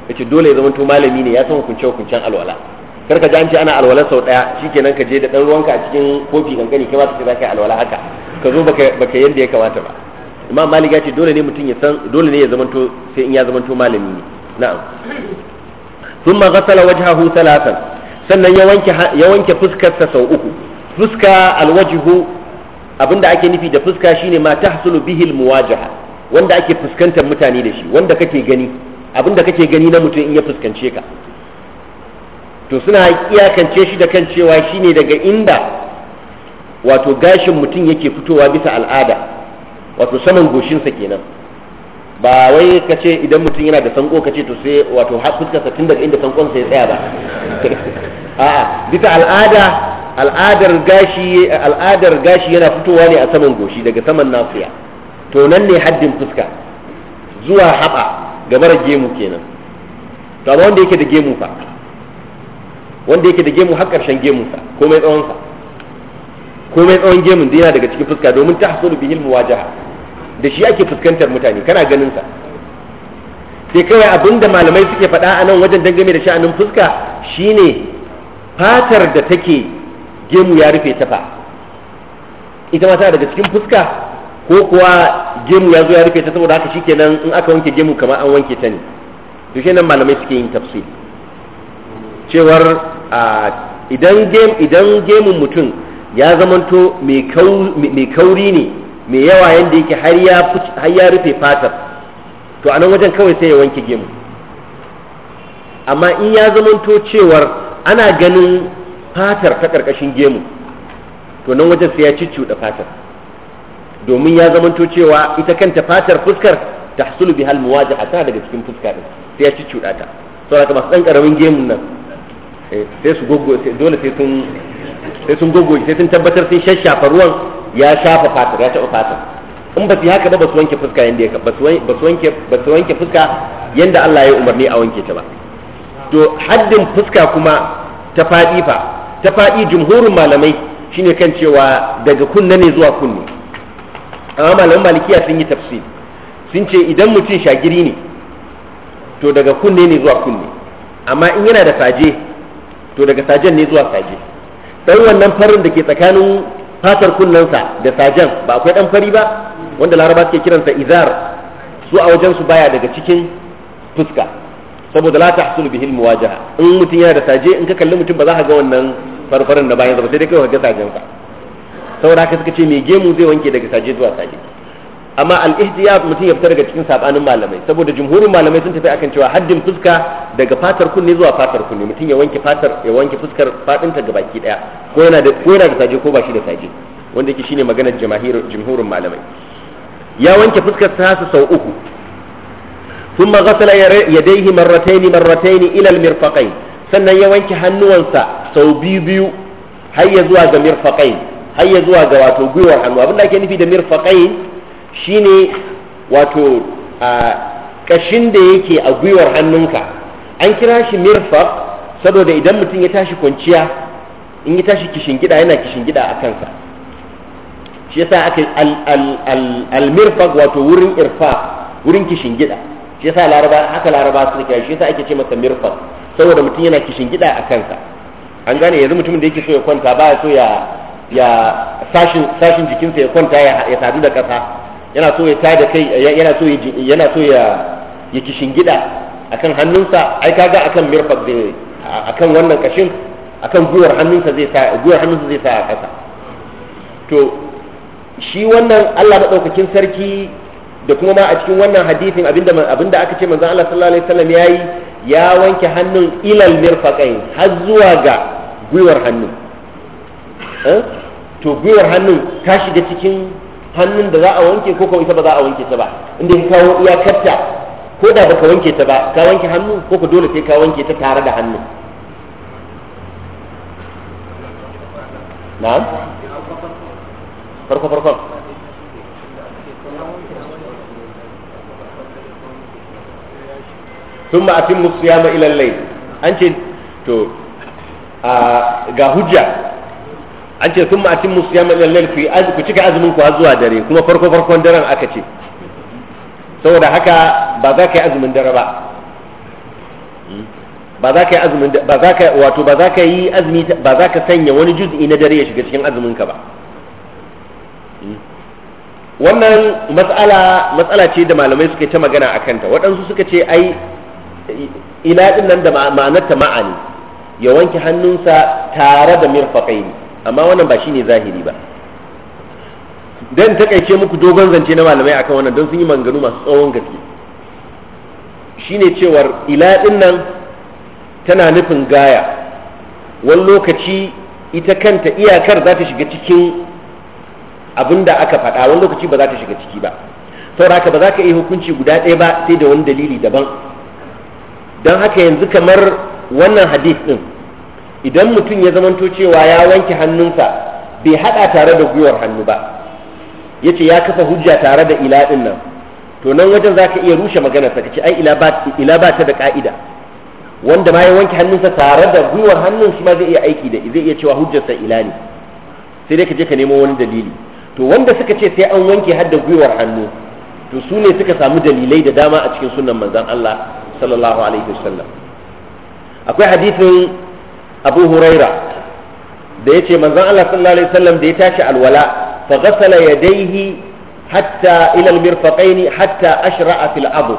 ya ce dole ya zama to malami ne ya san hukunce hukuncen alwala kar ka ji an ce ana alwala sau ɗaya shikenan ka je da ɗan ruwanka a cikin kofi kankani kai ma ka ce za ka yi alwala haka ka zo baka yadda ya kamata ba imam malik ya ce dole ne mutum ya san dole ne ya zamanto sai in ya zamanto malami ne na'am thumma ghassala wajhahu thalathan sannan ya wanke ya wanke fuskarsa sau uku fuska alwajhu abinda ake nufi da fuska shine ma tahsulu bihi almuwajaha wanda ake fuskantar mutane da shi wanda kake gani abinda kake gani na mutum in ya fuskance ka to suna iyakance shi da kan cewa shine daga inda wato gashin mutum yake fitowa bisa al'ada wato saman goshinsa kenan ba wai ka ce idan mutum yana da sanko ka ce to sai wato har fuskarsa tun daga inda sankon sai tsaya ba a'a bisa al'ada al'adar gashi al'adar gashi yana fitowa ne a saman goshi daga saman nafiya to nan ne haddin fuska zuwa haba ga mara gemu kenan to amma wanda yake da gemu fa wanda yake da gemu har karshen gemun sa komai tsawon sa komai tsawon gemun dina yana daga cikin fuska domin ta hasulu bihil muwajaha da shi ake fuskantar mutane kana ganin sa sai kawai abin da malamai suke faɗa a nan wajen dangane da sha'anin fuska shine fatar da take gemu ya rufe ta fa ita ma tana daga cikin fuska ko kuwa gemu ya zo ya rufe ta saboda haka shikenan in aka wanke gemu kamar an wanke ta ne to shi nan malamai suke yin tafsir cewar idan gemu idan gemun mutum ya zamanto mai kauri ne mai yawa yanda yake har ya har ya rufe fatar to a nan wajen kawai sai ya wanke gemu amma in ya zamanto cewar ana ganin fatar ta karkashin gemu to nan wajen sai ya cicciuɗa fatar domin ya zamanto cewa ita kanta fatar fuskar ta hasulu bihal muwajahata daga cikin fuska din sai ya cicciuɗa ta saboda masu ɗan ƙaramin gemun nan eh, sai su gogo dole sai sun sai sun goggo sai sun tabbatar sun shashafa ruwan ya shafa fatar ya taɓa fatar in ba su haka ba ba su wanke fuska yadda ya ba su wanke ba su wanke fuska yadda Allah ya umarni a wanke ta ba to haddin fuska kuma ta faɗi fa ta faɗi jumhurin malamai shine kan cewa daga kunna ne zuwa kunne amma malamin malikiya sun yi tafsir sun ce idan mutum shagiri ne to daga kunne ne zuwa kunne amma in yana da saje to daga sajen ne zuwa saje dan wannan farin da ke tsakanin fatar Kunnansa da sajan ba akwai dan fari ba wanda laraba suke kiransa izar su a wajen su baya daga cikin fuska saboda la tahsul bihi almuwajaha in mutum yana da saje in ka kalli mutum ba za ka ga wannan farfarin da bayan ba sai dai kai ka ga ka saboda haka suka ce me gemu zai wanke daga saje zuwa saje amma al-ihtiyab mutum ya fita daga cikin sabanin malamai saboda jumhurin malamai sun tafi akan cewa haddin fuska daga fatar kunne zuwa fatar kunne mutum ya wanke fatar ya wanke fuskar fadinta gabaki daya ko yana da ko yana da saje ko ba shi da saje wanda yake shine maganar jumhurin malamai ya wanke fuskar sa sau uku ghasala yadayhi marratayn marratayn ila al-mirfaqayn sannan ya wanke hannuwansa sau biyu biyu har ya zuwa ga mirfaqayn har ya zuwa ga wato gwiwar hannu abinda ake nufi da mirfaqayn shine wato a kashin da yake a gwiwar hannunka an kira shi mirfaq saboda idan mutum ya tashi kwanciya in ya tashi kishingida yana kishingida a kansa shi yasa aka al mirfaq wato wurin irfa, wurin kishingida shi yasa laraba haka laraba suke kira shi yasa ake ce masa mirfaq saboda mutum yana kishingida a kansa an gane yanzu mutumin da yake so ya kwanta ba ya so ya ya sashin jikinsa ya kwanta ya sadu da ƙasa yana so ya tada kai yana so ya yana so ya ya kishingida akan hannunsa ai kaga akan mirfaq akan wannan kashin akan guwar hannunsa zai sa gwiwar hannunsa zai sa a ƙasa to shi wannan Allah madaukakin sarki da kuma ma a cikin wannan hadisin abinda abinda aka ce manzon Allah sallallahu alaihi wasallam yayi ya wanke hannun ilal mirfaqain har zuwa ga gwiwar hannu eh? to gwiwar hannun ta shiga cikin hannun da za a wanke ko kuma ita ba za a wanke ta ba inda ka kawo iyakarta ko da baka wanke ta ba ka wanke hannu ko ku dole sai ka wanke ta tare da hannu na'am farko farko ثم أتم musu إلى الليل an ce to ga hujja an ce sun ma'atin musu ya mallalar ku cika azumin ku har zuwa dare kuma farko farkon daren aka ce saboda haka ba za ka yi azumin dare ba hmm? ba za ka yi azumin ba za ka wato ba za ka yi azumi ba za ka sanya wani juz'i na dare ya shiga cikin azumin ka ba hmm? wannan matsala matsala ce da malamai suka ta magana a kanta waɗansu suka ce ai ila ɗin nan da ma'anarta ma'ani ya wanke hannunsa tare da mirfaƙai amma wannan ba shine zahiri ba dan takaice muku dogon zance na malamai akan wannan don sun yi manganu masu tsawon gaske shine cewar ila din nan tana nufin gaya wani lokaci ita kanta iyakar za ta shiga cikin abin da aka faɗa wani lokaci ba za ta shiga ciki ba saboda haka ba za ka yi hukunci guda ɗaya ba sai da wani dalili daban don haka yanzu kamar wannan hadith din idan mutum ya zamanto cewa ya wanke hannunsa bai hada tare da gwiwar hannu ba ya ce ya kafa hujja tare da ila din nan to nan wajen zaka iya rushe magana ka ce ai ila ba ta da ka'ida wanda ma ya wanke hannunsa tare da gwiwar hannun shi ma zai iya aiki da zai iya cewa hujjarsa ila ne sai dai ka je ka nemo wani dalili to wanda suka ce sai an wanke har gwiwar hannu to su ne suka samu dalilai da dama a cikin sunan manzon Allah sallallahu alaihi wasallam akwai hadisin abu huraira da yace manzon Allah sallallahu alaihi wasallam da ya tashi alwala fa ghasala yadayhi hatta ila almirfaqain hatta ashra'a fil abu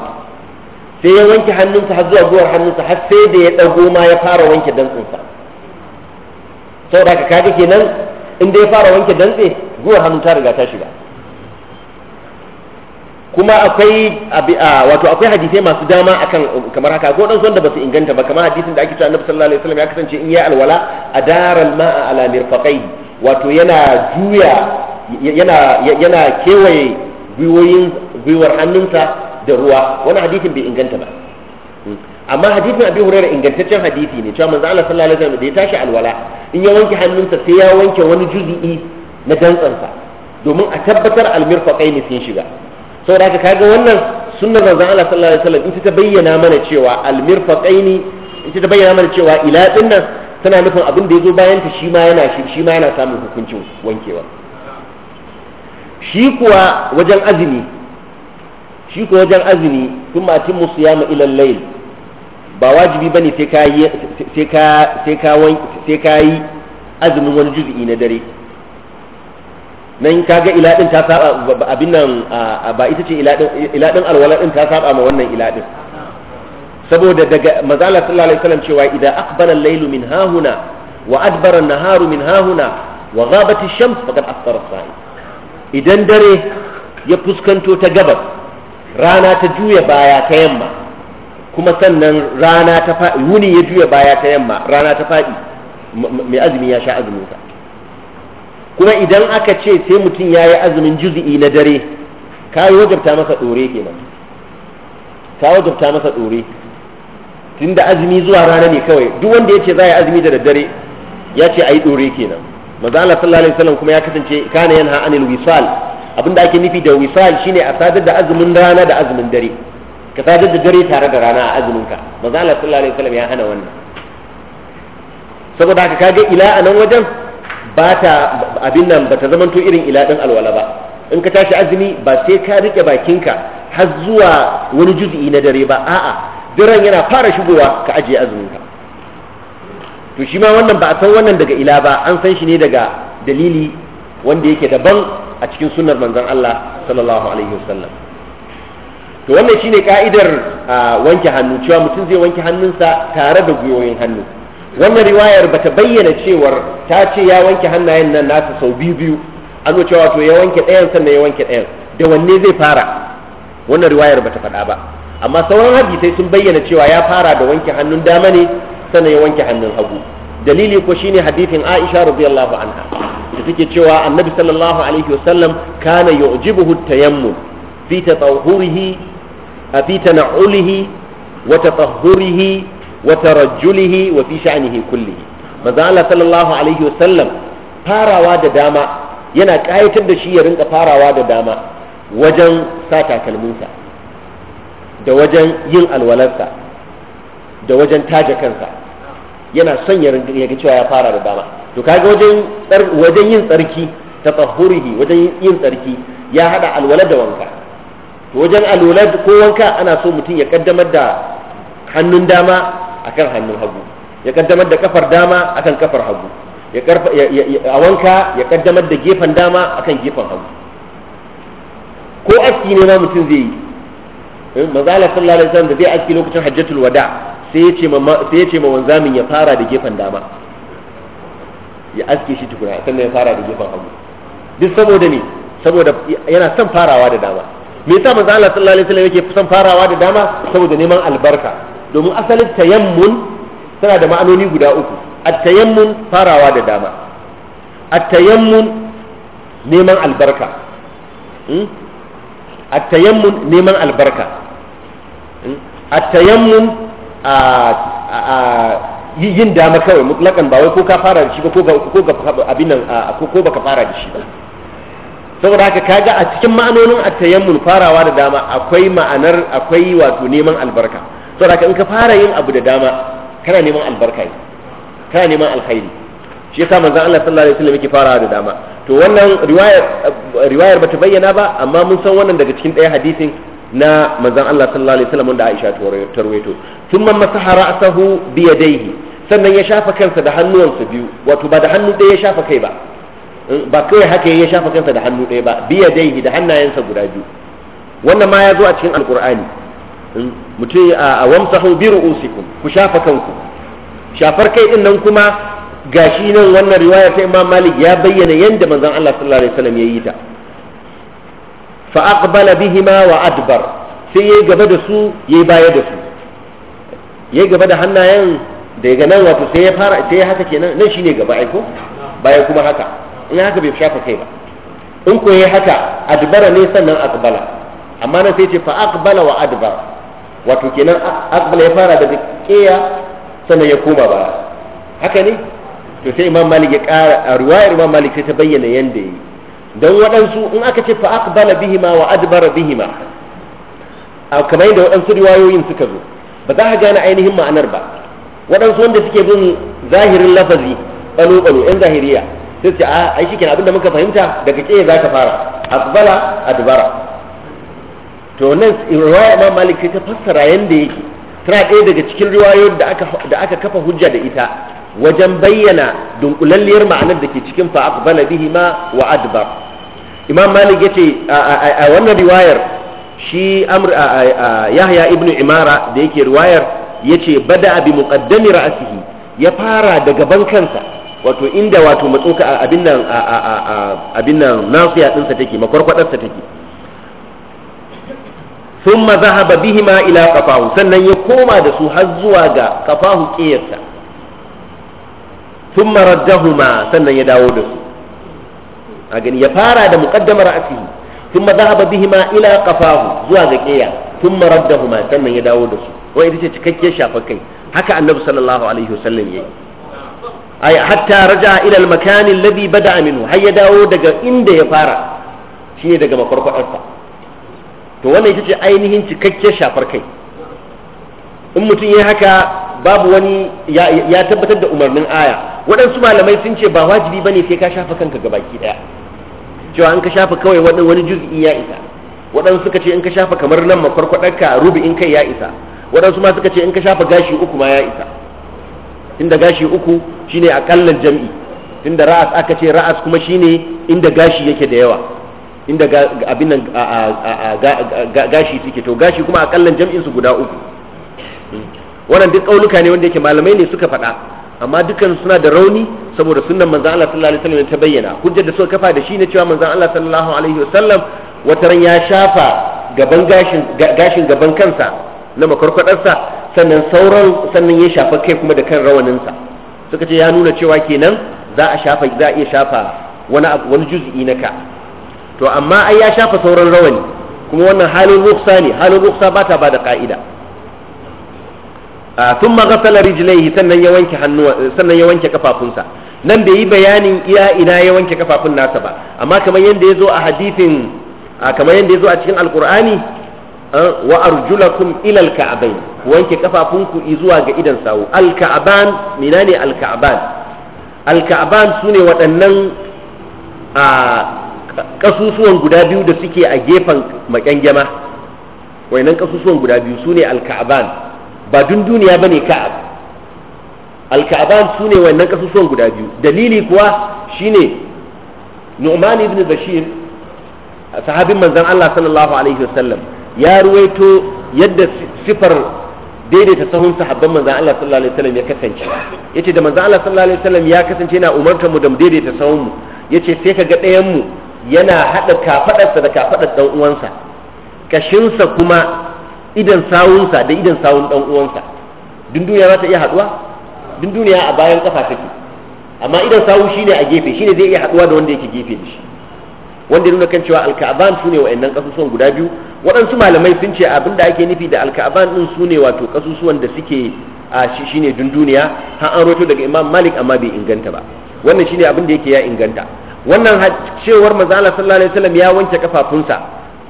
sai ya wanke hannunsa har zuwa gwiwar hannunsa har sai da ya dago ma ya fara wanke dantsinsa saboda ka kaga kenan in da ya fara wanke dantse gwiwar hannu ta riga ta shiga kuma akwai wato akwai hadisai masu dama akan um, kamar haka ko dan ba su inganta ba kamar hadisin da ake cewa Annabi sallallahu alaihi wasallam ya kasance in ya alwala adaral ma'a ala mirfaqai wato yana juya yana yana kewaye gwiwoyin gwiwar hannunsa da ruwa wannan hadisin bai inganta ba hmm. amma hadisin Abi Hurairah ingantaccen hadisi ne cewa manzo Allah sallallahu alaihi wasallam da ya tashi alwala in ya wanke hannunsa sai ya wanke wani juzu'i na dantsansa domin a tabbatar almirfaqai ne sun shiga saboda haka kaga wannan sunnar manzon Allah sallallahu alaihi wasallam ita ta bayyana mana cewa almirfaqaini ita ta bayyana mana cewa ila dinnan tana nufin abin da yazo bayan ta shi ma yana shi shi ma yana samun hukuncin wankewa shi kuwa wajen azumi shi kuwa wajen azumi kuma atimmu siyama ila al-layl ba wajibi bane sai ka sai ka sai ka yi azumin wani juz'i na dare nan ka ga din ta saba abin nan ba ita ce ila din alwala din ta saba ma wannan ila saboda daga mazala sallallahu alaihi wasallam cewa idan aqbala al-laylu min hahuna wa adbara an-naharu min hahuna wa ghabat ash-shams faqad aftara sai idan dare ya fuskanto ta gabas rana ta juya baya ta yamma kuma sannan rana ta wuni ya juya baya ta yamma rana ta faɗi mai azumi ya sha azumin ta. kuma idan aka ce sai mutum ya yi azumin juzi'i na dare ka yi wajabta masa ɗore kenan ka wajabta masa ɗore tun da azumi zuwa rana ne kawai duk wanda ya ce za a yi azumi da daddare ya ce a yi ɗore kenan maza Allah sallallahu alaihi wasallam kuma ya kasance kana yanha anil wisal abinda ake nufi da wisal shine a sadar da azumin rana da azumin dare ka sadar da dare tare da rana a azumin ka maza Allah sallallahu alaihi wasallam ya hana wannan saboda haka kaga ila a nan wajen bata abin nan ba ta zamanto irin ila ɗin alwala ba in ka tashi azumi ba sai ka rike bakinka har zuwa wani juz'i na dare ba a'a diran yana fara shigowa ka ajiye azuminka to shi ma wannan ba a san wannan daga ila ba an san shi ne daga dalili wanda yake daban a cikin sunnar manzon Allah sallallahu alaihi wasallam to wannan shine ka'idar ah, wanke hannu cewa mutum zai wanke hannunsa tare da gwiwoyin hannu wannan riwayar bata bayyana cewar ta ce ya wanke hannayen nan nasa sau biyu biyu an wuce wato ya wanke ɗayan sannan ya wanke ɗayan da wanne zai fara wannan riwayar bata faɗa ba amma sauran hadisai sun bayyana cewa ya fara da wanke hannun dama ne sannan ya wanke hannun hagu dalili ko shine hadisin Aisha radiyallahu anha da take cewa annabi sallallahu alaihi wasallam kana yu'jibuhu tayammum fi tatahhurihi fi tana'ulihi wa tatahhurihi wa tarajjulihi wa fi sha'nihi kullihi manzo Allah sallallahu alaihi wasallam farawa da dama yana kayatar da shi ya rinka farawa da dama wajen sa takalminsa da wajen yin alwalarsa da wajen taje kansa yana son ya ga cewa ya fara da dama to wajen yin tsarki tatahurihi tsarki ya hada alwala da wanka to wajen alwala ko wanka ana so mutum ya kaddamar da hannun dama akan hannun hagu ya kaddamar da kafar dama akan kafar hagu a wanka ya kaddamar da gefen dama akan gefen hagu ko aski ne ma mutum zai yi eh, mazala sallallahu alaihi wasallam da zai aski lokacin hajjatul wada sai ya ce ma wanzamin ya fara da gefen dama ya aske shi tukuna sannan ya fara da gefen hagu duk saboda ne saboda yana son farawa da dama me yasa manzo Allah sallallahu alaihi wasallam yake son farawa da dama saboda neman albarka domin asalin tayammun tana da ma'anoni guda uku at-tayammun farawa da dama at-tayammun neman albarka hmm? at-tayammun neman albarka hmm? at-tayammun a yin dama kawai mutlakan ba wai ko ka fara da shi ba ko ga abin nan ko baka fara da shi ba saboda haka kaga a cikin ma'anonin at-tayammun farawa da dama akwai ma'anar akwai wato neman albarka saboda in ka fara yin abu da dama kana neman albarka ne kana neman alkhairi shi yasa manzon Allah sallallahu alaihi wasallam yake farawa da dama to wannan riwayar riwayar bata bayyana ba amma mun san wannan daga cikin ɗaya hadisin na manzon Allah sallallahu alaihi wasallam da Aisha ta rawaito thumma masaha ra'sahu bi yadayhi sannan ya shafa kansa da hannuwansa biyu wato ba da hannu ɗaya ya shafa kai ba hmm, ba kai haka ya shafa kansa da hannu ɗaya ba bi yadayhi da hannayensa guda biyu wannan ma ya zo a cikin alqur'ani mutum a wamsahu bi ru'usikum ku shafa kanku shafar kai din nan kuma gashi nan wannan riwaya ta Imam Malik ya bayyana yanda manzon Allah sallallahu alaihi wasallam yayi ta fa aqbala bihima wa adbar sai yayi gaba da su yayi baya da su yayi gaba da hannayen daga nan wato sai ya fara sai ya haka kenan nan shine gaba ai ko baya kuma haka in haka bai shafa kai ba in ko yayi haka adbara ne sannan aqbala amma nan sai ce fa aqbala wa adbara wato kenan akbala ya fara daga keya sannan ya koma ba haka ne to sai imam malik ya kara a ruwayar imam malik sai ta bayyana yanda yi dan waɗansu in aka ce fa bihi bihima wa adbara bihima kamar yadda waɗansu riwayoyin suka zo ba za ka gane ainihin ma'anar ba waɗansu wanda suke bin zahirin lafazi balo balo yan zahiriya sai su ce a ai shikenan abinda muka fahimta daga ke za ka fara aqbala adbara to nan riwaya imam malik ta fassara yanda yake tana ɗaya daga cikin riwayoyin da aka da aka kafa hujja da ita wajen bayyana dunkulalliyar ma'anar da ke cikin fa aqbala bihi ma wa adba imam malik yace a wannan riwayar shi amr yahya ibnu imara da yake riwayar yace bada bi muqaddami ra'sihi ya fara daga gaban kansa wato inda wato matsoka abin nan abin nan nasiya dinsa take makwarkwadarsa take thumma zahaba bihima ila qafahu sannan ya koma da su zuwa ga qafahu qiyarsa thumma raddahuma sannan ya dawo da a gani ya fara da muqaddamar asihi thumma zahaba bihima ila qafahu zuwa ga qiya thumma raddahuma sannan ya dawo da su wai ce cikakkiyar shafar kai haka annabi sallallahu alaihi wasallam hatta raja ila al-makan alladhi bada'a har ya dawo daga inda ya fara shi daga to wannan ita ce ainihin cikakken shafar kai in mutum ya haka babu wani ya tabbatar da umarnin aya waɗansu malamai sun ce ba wajibi bane sai ka shafa kanka gabaki ɗaya cewa an ka shafa kawai wani juz'i ya isa waɗansu suka ce in ka shafa kamar nan makwarkwaɗarka in kai ya isa waɗansu ma suka ce in ka shafa gashi uku ma ya isa inda gashi uku shine akallan jam'i tunda ra'as aka ce ra'as kuma shine inda gashi yake da yawa inda abin nan gashi suke to gashi kuma kallon jam'in su guda uku hmm. wannan duk kauluka ne wanda yake malamai ne suka faɗa amma dukkan suna da rauni saboda sunnan manzon Allah sallallahu alaihi wasallam ta bayyana hujjar da suka kafa da shi ne cewa manzon Allah sallallahu alaihi wasallam ran ya shafa gaban gashin gashin gaban kansa na makarkwadarsa sannan sauran sannan ya shafa kai kuma da kan rawaninsa suka ce ya nuna cewa kenan za a shafa za a iya shafa wani wani juz'i na ka to amma ai ya shafa sauran rawani kuma wannan halin ruksa ne halin ruksa ba ta ba da ka'ida ah, a sun magasala rijilaihi sannan ya wanke sannan ya wanke kafafunsa nan bai yi bayanin iya ina ya wanke kafafun nasa ba amma kamar yadda ya zo a hadithin ah, kamar yadda ya zo a cikin alkur'ani ah, wa arjulakum ila ku wanke kafafunku zuwa ga idan sawu alka'ban menene alka'ban alka'ban sune waɗannan a kasusuwan guda biyu da suke a gefen makyangema wainan kasusuwan guda biyu su ne alka'aban ba dunduniya ne ka'ab su ne wainan kasusuwan guda biyu dalili kuwa shine nu'man ibn bashir sahabin manzan Allah sallallahu alaihi wasallam ya ruwaito yadda sifar daidaita sahun sahabban manzan Allah sallallahu alaihi wasallam ya kasance yace da manzan Allah sallallahu alaihi wasallam ya kasance yana umartar mu da mu daidaita sahun mu yace sai ga ɗayan mu yana haɗa kafaɗarsa da kafaɗar ɗan uwansa kashinsa kuma idan sawunsa da idan sawun ɗan uwansa duk duniya za ta iya haɗuwa duk duniya a bayan ƙafa take amma idan sawu shine a gefe shine zai iya haɗuwa da wanda yake gefe da shi wanda nuna kan cewa alka'aban sune wa'annan kasusuwan guda biyu waɗansu malamai sun ce abin da ake nufi da alka'aban din sune wato kasusuwan da suke a shi shine dunduniya har an roto daga imam malik amma bai inganta ba wannan shine abin da yake ya inganta wannan cewar manzo Allah sallallahu alaihi wasallam ya wanke kafafunsa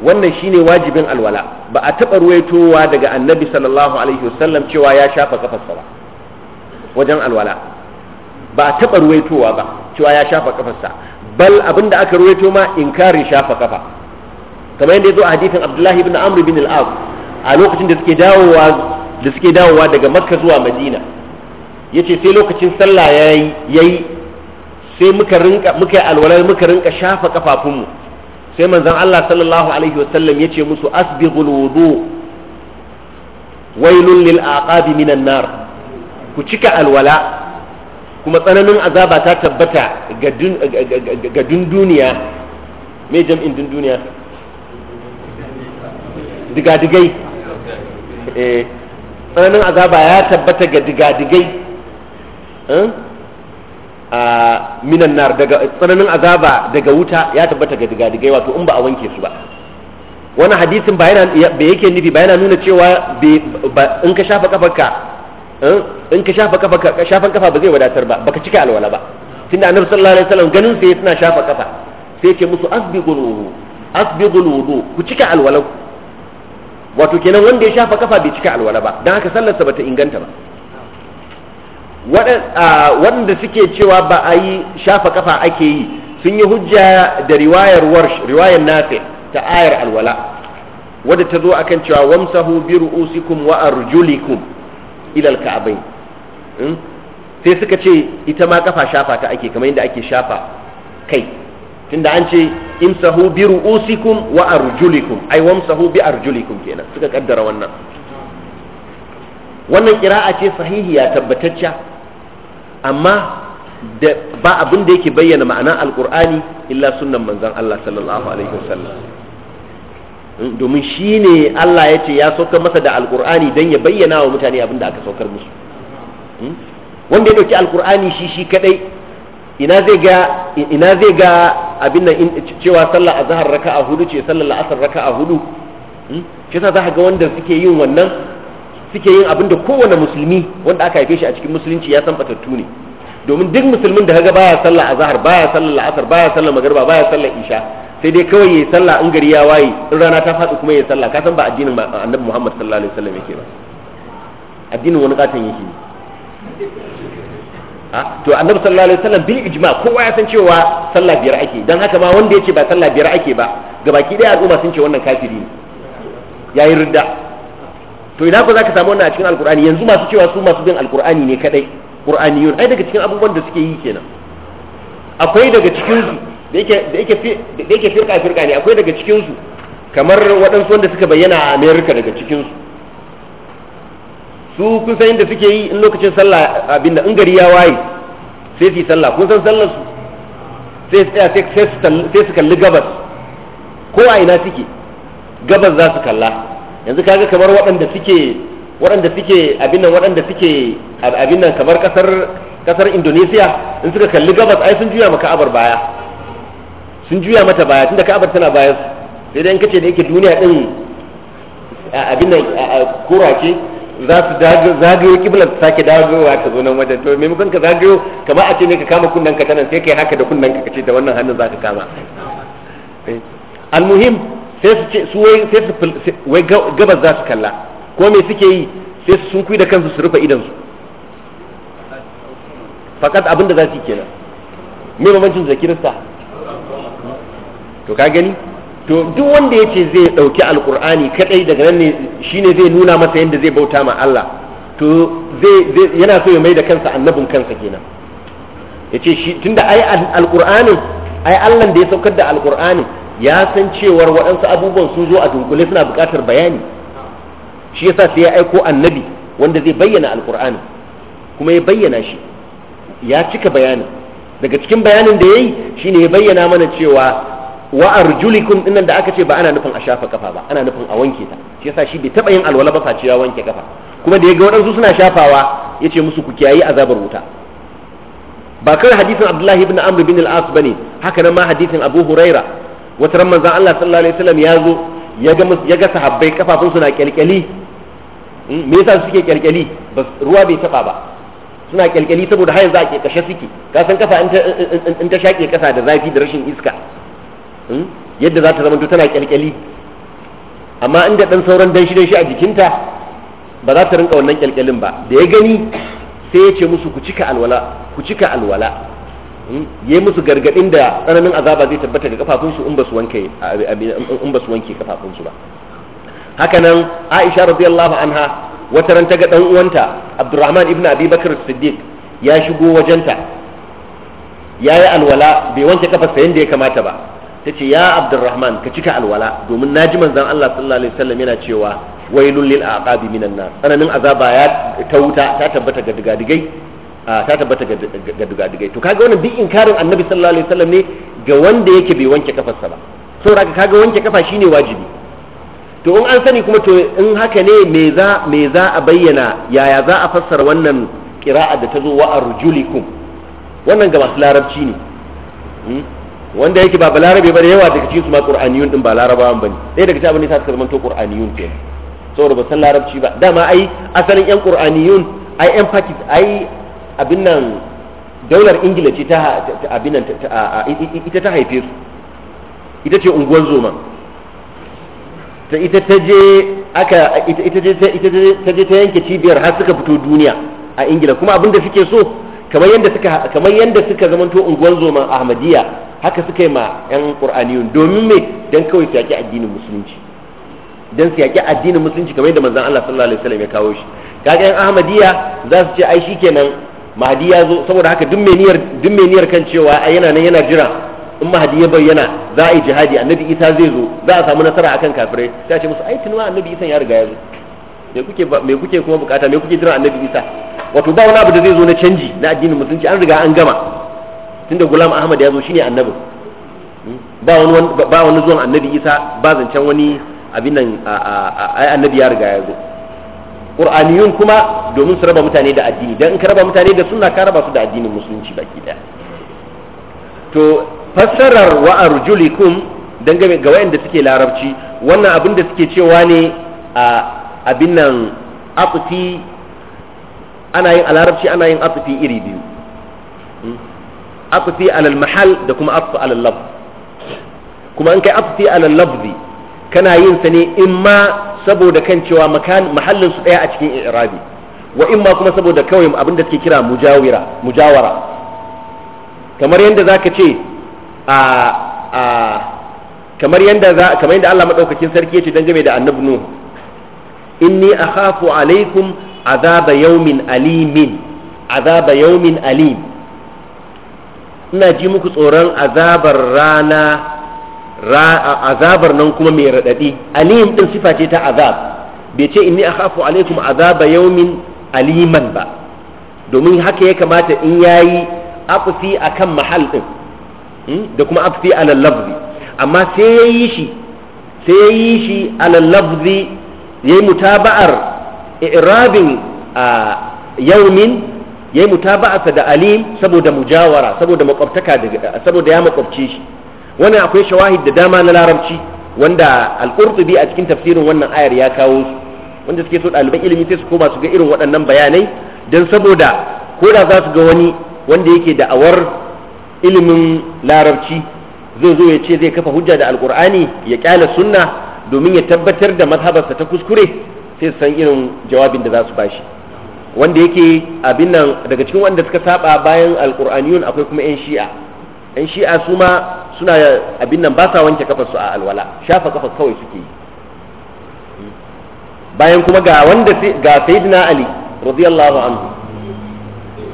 wannan shine wajibin alwala ba a taɓa ruwaitowa daga annabi sallallahu alaihi wasallam cewa ya shafa kafarsa ba wajen alwala ba a taɓa ruwaitowa ba cewa ya shafa kafarsa bal abinda aka ruwaito ma inkari shafa kafa kamar yadda ya zo a hadithin abdullahi ibn amr bin al-as a lokacin da suke dawowa da suke dawowa daga makka zuwa madina yace sai lokacin sallah yayi yayi sai muka rinka muka yi alwalar muka rinka shafa kafafunmu sai manzon Allah sallallahu alaihi wa sallam yace musu asbighul wudu wailul lil aqabi minan nar ku cika alwala kuma tsananin azaba ta tabbata ga dunduniya me jam'in dunduniya digadigai eh tsananin azaba ya tabbata ga digadigai eh? minan nar daga tsananin azaba daga wuta ya tabbata ga digadigai wato in ba a wanke su ba wani hadisin ba yana bai yake nufi ba yana nuna cewa in ka shafa kafarka eh, in ka shafa kafarka shafan kafa ba zai wadatar ba baka cika alwala ba tunda annabi sallallahu alaihi wasallam ganin sai suna shafa kafa sai yake musu asbiqul wudu asbiqul wudu ku cika alwala wato kenan wanda ya shafa kafa bai cika alwala ba dan haka sallarsa bata inganta ba wanda suke cewa ba a yi shafa kafa ake yi sun yi hujja da riwayar warsh riwayar nafi ta ayar alwala wadda ta zo akan cewa wamsahu bi ru'usikum wa arjulikum ila alka'abain hmm? sai suka ce ita ma kafa shafa ta ake kamar yadda ake shafa kai tunda an ce imsahu bi ru'usikum wa arjulikum ai wamsahu bi arjulikum kenan suka kaddara wannan wannan kira'a ce sahihiya tabbatacciya amma da ba abin da yake bayyana ma'ana alkur'ani illa sunnan manzon Allah sallallahu alaihi wasallam hmm, domin shi ne Allah ya ce ya saukar masa da alkur'ani don ya bayyana wa mutane abin da aka saukar musu hmm? wanda ya ɗauki alkur'ani shi shi kadai ina zai ga ina zai ga abin nan cewa sallah azhar raka'a hudu ce sallar la'asar raka'a hudu hmm? shi yasa za ga wanda suke yin wannan suke yin abin da kowane musulmi wanda aka haife shi a cikin musulunci ya san fatattu ne domin duk musulmin da kaga baya sallah azhar baya sallah la'asar baya sallah magriba baya sallah isha sai dai kawai yayi sallah in gari ya waye in rana ta faɗi kuma yayi sallah ka san ba addinin annabi Muhammad sallallahu alaihi wasallam yake ba addinin wani katon yake to annabi sallallahu alaihi wasallam bil ijma kowa ya san cewa sallah biyar ake dan haka ma wanda yace ba sallah biyar ake ba gabaki daya al'umma sun ce wannan kafiri ne yayi ridda to idan ko zaka samu wannan a cikin alqur'ani yanzu masu cewa su masu bin alqur'ani ne kadai qur'aniyun ai daga cikin abubuwan da suke yi kenan akwai daga cikin su da yake da yake da yake firka firka ne akwai daga cikin su kamar waɗansu wanda suka bayyana a America daga cikin su su kun san inda suke yi in lokacin sallah abinda in gari ya waye sai su yi sallah kun san sallar su sai su tsaya sai su kalli gabas ko a ina suke gabas za su kalla yanzu kaga kamar waɗanda suke waɗanda suke abin nan waɗanda suke abin nan kamar kasar kasar Indonesia in suka kalli gabas ai sun juya maka abar baya sun juya mata baya tunda ka'abar tana baya sai dai in kace da yake duniya din abin nan kura ce za su zagayo kiblar ta sake dagowa ta zo nan wajen to maimakon ka zagayo kama a ce ne ka kama kunnen ka tanan sai kai haka da kunnen ka kace da wannan hannun za ka kama eh. almuhim sai su ce su wai sai su wai gabas za su kalla ko me suke yi sai su sunkuyi da kansu su rufe idan su fakat abin da za su yi kenan me bambancin da kirista to ka gani to duk wanda ya ce zai ɗauki alkur'ani kadai daga nan ne shine zai nuna masa yadda zai bauta ma Allah to zai yana so ya mai da kansa annabin kansa kenan ya ce shi tunda ai alkur'ani ai Allah da ya saukar da alkur'ani ya san cewar waɗansu abubuwan sun zo a dunkule suna buƙatar bayani shi yasa sai ya aiko annabi wanda zai bayyana alƙur'ani kuma ya bayyana shi ya cika bayanin daga cikin bayanin da ya yi shine ya bayyana mana cewa wa arjulikum dinnan da aka ce ba ana nufin a shafa kafa ba ana nufin a wanke ta shi yasa shi bai taba yin alwala ba face ya wanke kafa kuma da ya ga waɗansu suna shafawa ya ce musu ku kiyayi azabar wuta ba kar hadisin abdullahi ibn amr bin al-as bane haka nan ma hadisin abu huraira wata ran manzon Allah sallallahu alaihi wasallam ya zo ya ga ya ga sahabbai kafafun suna kyalkyali hmm, me yasa suke kyalkyali ruwa bai taba ba suna kyalkyali saboda hayan za a ke kashe suke ka san kafa in ta shaƙe kasa da zafi da rashin iska hmm, yadda za ta zama to tana kyalkyali amma inda dan sauran dan shi a jikinta ba za ta rinka wannan kyalkyalin ba da ya gani sai ya ce musu ku cika alwala ku cika alwala yayi musu gargadin da tsananin azaba zai tabbata ga kafafunsu in ba su wanke in ba su wanke kafafunsu ba haka nan Aisha radiyallahu anha wata ran ta ga dan uwanta Abdurrahman ibn Abi Bakr Siddiq ya shigo wajenta yayi alwala bai wanke kafarsa yanda ya kamata ba tace ya Abdurrahman ka cika alwala domin naji manzon Allah sallallahu alaihi wasallam yana cewa wailul lil aqabi minan nar tsananin azaba ya ta wuta ta tabbata ga digadigai Ah, ta tabbata ga dugadugai to kaga wannan duk inkarin annabi sallallahu alaihi wasallam ne ga wanda yake bai wanke kafarsa ba saboda kaga wanke kafa shine wajibi to in an sani kuma to in haka ne me za me za a bayyana yaya za a fassara wannan qira'a da ta zo wa arjulikum wannan ga masu larabci ne hmm? wanda yake ba balarabe ba da yawa daga cikin su ma qur'aniyun din ba larabawan ne ɗaya daga cikin abin da ta zama to qur'aniyun ke saboda ba san larabci ba dama ai asalin yan qur'aniyun ai yan pakistan ai abin nan daular ingila ce ta abin nan ita ta haife su ita ce unguwar zoma ta ita ta je aka ita ta je ta yanke cibiyar har suka fito duniya a ingila kuma abin da suke so kamar yadda suka kamar yadda suka zamanto unguwar zoma ahmadiyya haka suka yi ma yan qur'aniyun domin me dan kawai su yaki addinin musulunci dan su yaki addinin musulunci kamar yadda manzon Allah sallallahu alaihi wasallam ya kawo shi kaga yan ahmadiyya za su ce ai shikenan mahadi ya zo saboda haka duk mai niyyar duk mai niyyar kan cewa ai yana nan yana jira in mahadi ya bayyana za a yi jihadi annabi isa zai zo za a samu nasara akan kafirai ta ce musu ai tunwa annabi isa ya riga ya zo me kuke me kuke kuma bukata me kuke jira annabi isa wato ba wani abu da zai zo na canji na addinin musulunci an riga an gama tunda gulam ahmad ya zo shine annabi hmm? ba wani ba wani zuwan annabi isa ba zancen wani abin nan ai annabi ya riga ya zo qur'aniyun kuma domin su raba mutane da addini dan in ka raba mutane da sunna ka raba su da addinin musulunci baki daya to fassarar wa arjulikum game ga wayanda suke larabci wannan abin da suke cewa ne a abin nan aqti ana yin alarabci ana yin aqti iri biyu hmm? aqti alal mahal da kuma aqti alal lafz kuma in kai aqti alal lafzi kana yin sa ne imma saboda kan cewa mahallin su daya a cikin i'rabi wa imma kuma saboda kawai abin da suke kira mujawira mujawara kamar yadda zaka ce a a kamar yadda za kamar yadda Allah madaukakin sarki yace dangane da annabi nu inni akhafu alaikum azaba yawmin alimin azaba yawmin alim ina ji muku tsoron azabar rana azabar nan kuma mai raɗaɗi alim ɗin sifa ce ta azab bai ce inni akhafu alaikum azaba yawmin aliman ba domin haka ya kamata in yayi afsi akan mahal din hmm, da kuma afsi ala lafzi amma sai yayi shi sai yayi shi ala lafzi yayi mutaba'ar i'rabin yaumin yayi mutaba'arsa da alim saboda mujawara saboda makwabtaka saboda ya makwabce shi wannan akwai shawahid da dama na larabci wanda al a cikin tafsirin wannan ayar ya kawo su wanda suke so ɗaliban ilimi sai su koma su ga irin waɗannan bayanai don saboda ko da za su ga wani wanda yake da awar ilimin larabci zai zo ya ce zai kafa hujja da alkur'ani ya kyale sunna domin ya tabbatar da mazhabarsa ta kuskure sai su san irin jawabin da za su bashi wanda yake abin nan daga cikin wanda suka saba bayan alkur'aniyun akwai kuma 'yan shi'a yan shi'a su ma suna abin nan ba sa wanke kafar su a alwala shafa kafar kawai suke yi bayan kuma ga wanda ga sayyidina ali radiyallahu anhu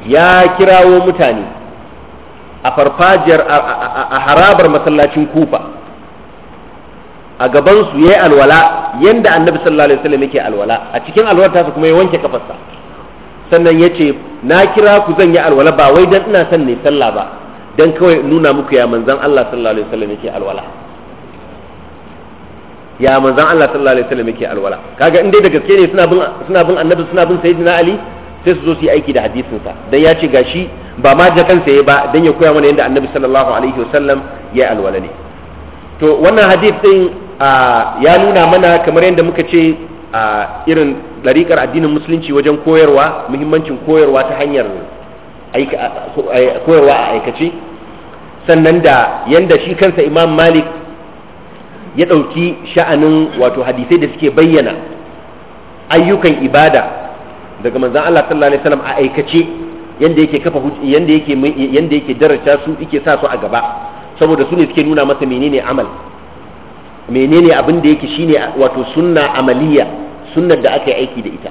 ya kirawo mutane a farfajiyar a harabar masallacin kufa a gaban su yayi alwala yadda annabi sallallahu alaihi wasallam yake alwala a cikin alwalar tasa kuma ya wanke kafarsa sannan yace na kira ku zan yi alwala ba wai dan ina son ne sallah ba dan kawai nuna muku ya manzan Allah sallallahu alaihi wasallam yake alwala ya manzan Allah sallallahu alaihi wasallam yake alwala kaga in dai da gaske ne suna bin suna bin annabi suna bin sayyidina ali sai su zo su yi aiki da hadisin sa dan ya ce gashi ba ma da kansa yayi ba dan ya koya mana yadda annabi sallallahu alaihi wasallam ya alwala ne to wannan hadith din ya nuna mana kamar yadda muka ce a irin ɗariƙar addinin musulunci wajen koyarwa muhimmancin koyarwa ta hanyar koyarwa a aikace sannan da yanda shi kansa imam malik ya ɗauki sha'anin wato hadisai da suke bayyana ayyukan ibada daga manzan Allah sallallahu alaihi wasallam a aikace yanda yake kafa yanda yake yanda yake daraja su yake sa su a gaba saboda su ne suke nuna masa menene amal menene abin da yake shine wato sunna amaliya sunnar da aka yi aiki da ita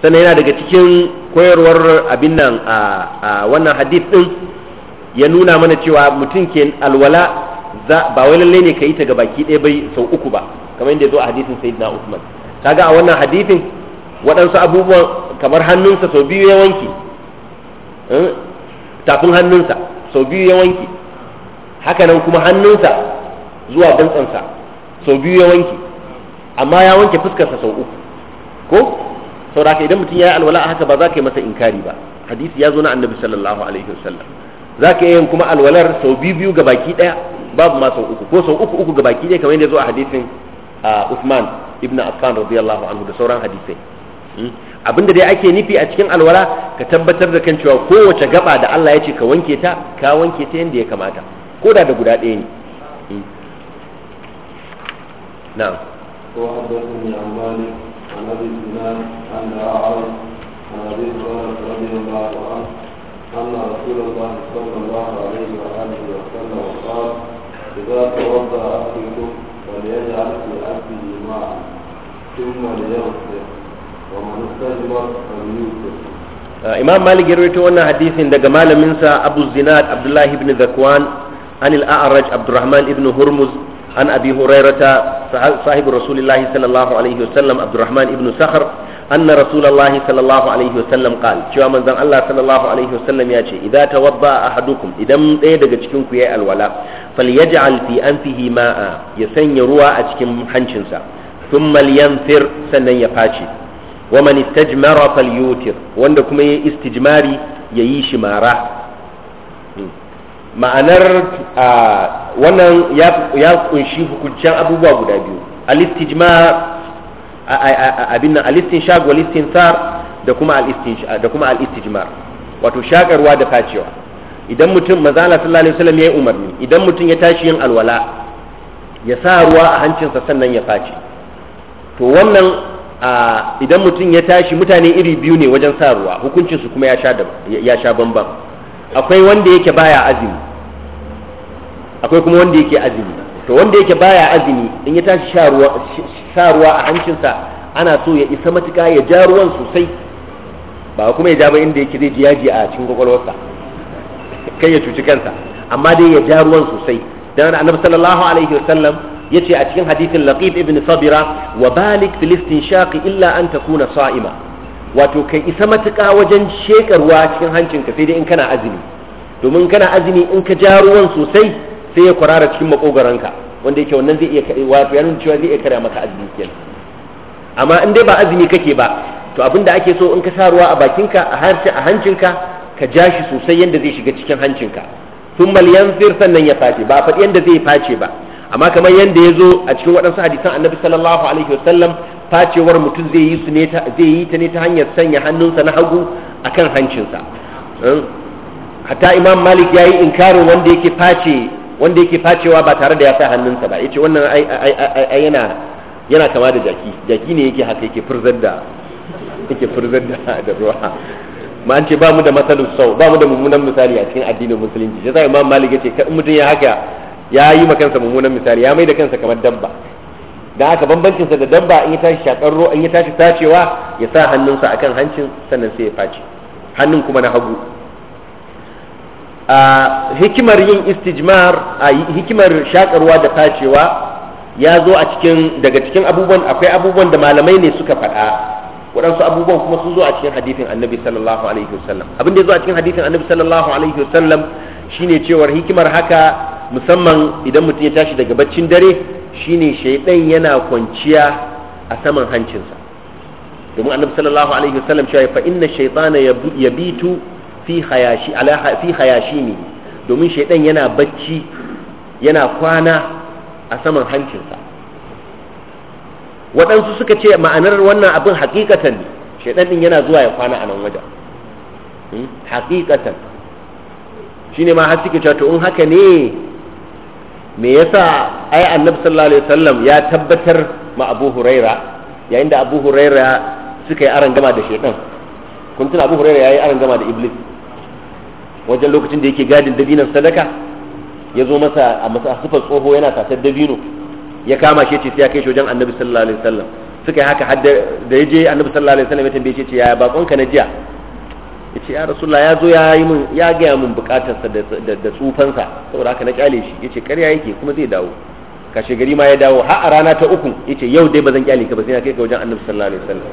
sannan yana daga cikin koyarwar abin nan a wannan hadith din ya nuna mana cewa mutum ke alwala ba wai lalle ne ka yi ta ga baki ɗaya bai sau uku ba kamar yadda ya zo a hadisin na Usman kaga a wannan hadisin waɗansu abubuwan kamar hannunsa sau biyu ya wanki eh, tafin hannunsa sau biyu ya wanki hakanan kuma hannunsa zuwa dantsansa sau biyu ya wanki amma ya wanke fuskarsa sau uku ko saboda idan mutum ya yi alwala a haka ba za ka yi masa inkari ba hadisi ya zo na annabi sallallahu alaihi wasallam za ka iya yin kuma alwalar sau biyu biyu baki ɗaya babu ma sau uku ko sau uku uku baki ɗaya kamar yadda zo a hadisin Uthman ibn Affan radiyallahu anhu da sauran hadisai hmm? abinda dai ake nufi a cikin alwala ka tabbatar da kan cewa kowace gaba da Allah ya ce ka wanke ta ka wanke ta yadda ya kamata ko da da guda ɗaya ne hmm? na'am وحدثني عن مالك عن ابي سنان عن عن ابي هريره رضي الله عنه أن رسول الله صلى الله عليه وآله وسلم قال إذا توضأ أحدكم فليجعل في أكله ماء ثم ليغسل ومن استجمر فليوسف Imam Malik ya rawaito wannan hadisin daga malaminsa Abu Zinad Abdullah ibn Zakwan an al-A'raj Abdurrahman ibn Hurmuz an Abi Hurairata sahibu Rasulullah sallallahu alaihi wasallam Abdurrahman ibn Sakhar anna rasulullahi sallallahu alaihi wasallam qal cewa manzan Allah sallallahu alaihi wasallam ya ce idza tawadda ahadukum idan ɗaya daga cikin ku yayi alwala falyaj'al fi anfihi ya sanya ruwa a cikin hancinsa thumma liyanfir sannan ya face wa man istajmara falyutir wanda kuma yayi istijmari yayi shi ma'anar wannan ya kunshi hukuncin abubuwa guda biyu al-istijmar abin nan alistin istinshaq wal istinsar da kuma al da kuma istijmar wato shakarwa da facewa idan mutum maza Allah sallallahu alaihi wasallam yayi umarni idan mutum ya tashi yin alwala ya sa ruwa a hancinsa sannan ya face to wannan idan mutum ya tashi mutane iri biyu ne wajen sa ruwa hukuncin su kuma ya sha ya sha bamban akwai wanda yake baya azumi akwai kuma wanda yake azumi to wanda yake baya azumi in ya tashi sha ruwa a hancinsa ana so ya isa matuka ya ja ruwan sosai ba kuma ya ja ba inda yake zai ji yaji a cikin kwakwalwarsa kai ya cuci kansa amma dai ya ja ruwan sosai dan annabi sallallahu alaihi wasallam yace a cikin hadisin laqib ibn sabira wa balik fil istinshaq illa an takuna sa'ima wato kai isa matuka wajen shekarwa cikin hancinka sai dai in kana azumi domin kana azumi in ka ja ruwan sosai sai ya kwarara cikin makogaranka wanda yake wannan zai iya wato yanin cewa zai iya kare maka azumi kenan amma in dai ba azumi kake ba to abin da ake so in ka sa ruwa a bakinka a harshe a hancinka ka ja shi sosai yanda zai shiga cikin hancinka thumma yanzir sannan ya face ba faɗi yanda zai face ba amma kamar yanda ya zo a cikin waɗansu hadisan annabi sallallahu alaihi wasallam facewar mutum zai yi su ne zai yi ta ne ta hanyar sanya hannunsa na hagu akan hancinsa hmm? hatta imam malik ya yi inkarin wanda yake face wanda yake facewa ba tare da ya sa hannunsa ba yace wannan ai yana yana kama da jaki jaki ne yake haka yake furzar da yake furzar da da ruwa ma an ce ba mu da masalus sau ba mu da mummunan misali a cikin addinin musulunci sai sai imam malik yace in mutum ya haka ya yi ma kansa mummunan misali ya mai da kansa kamar dabba dan haka bambancin sa da dabba in ya tashi shakar ruwa in ya tashi tacewa ya sa hannunsa akan hancin sannan sai ya face hannun kuma na hagu a hikimar yin istijmar a hikimar shakarwa da tacewa ya zo a cikin daga cikin abubuwan akwai abubuwan da malamai ne suka faɗa waɗansu abubuwan kuma sun zo a cikin hadithin annabi sallallahu alaihi wasallam abin da ya zo a cikin hadithin annabi sallallahu alaihi wasallam shine cewar hikimar haka musamman idan mutum ya tashi daga baccin dare shine shaidan yana kwanciya a saman hancinsa domin annabi sallallahu alaihi wasallam cewa fa inna shaytana yabitu fi hayashi ala fi ne domin shaidan yana bacci yana kwana a saman hancinsa waɗansu suka ce ma'anar wannan abin hakikatan ne shaidan din yana zuwa ya kwana a nan wajen hmm? hakikatan shine ma har suke cewa to in haka ne me yasa ai annabi sallallahu alaihi wasallam ya tabbatar ma abu huraira yayin da abu huraira suka yi aran gama da shaidan kun tuna abu huraira yayi aran gama da iblis wajen lokacin da yake gadin dabinan sadaka ya zo masa a masafar tsoho yana tasar dabino ya kama shi ce sai ya kai shi wajen annabi sallallahu alaihi wasallam suka yi haka hadda da ya je annabi sallallahu alaihi wasallam ya tambaye shi ce ya bakon ka na jiya ya ce ya rasulullah ya zo ya yi min ya gaya min sa da tsufansa saboda haka na kyale shi ya ce karya yake kuma zai dawo kashe gari ma ya dawo har a rana ta uku ya ce yau dai ba zan kyale ka ba sai ya kai ka wajen annabi sallallahu alaihi wasallam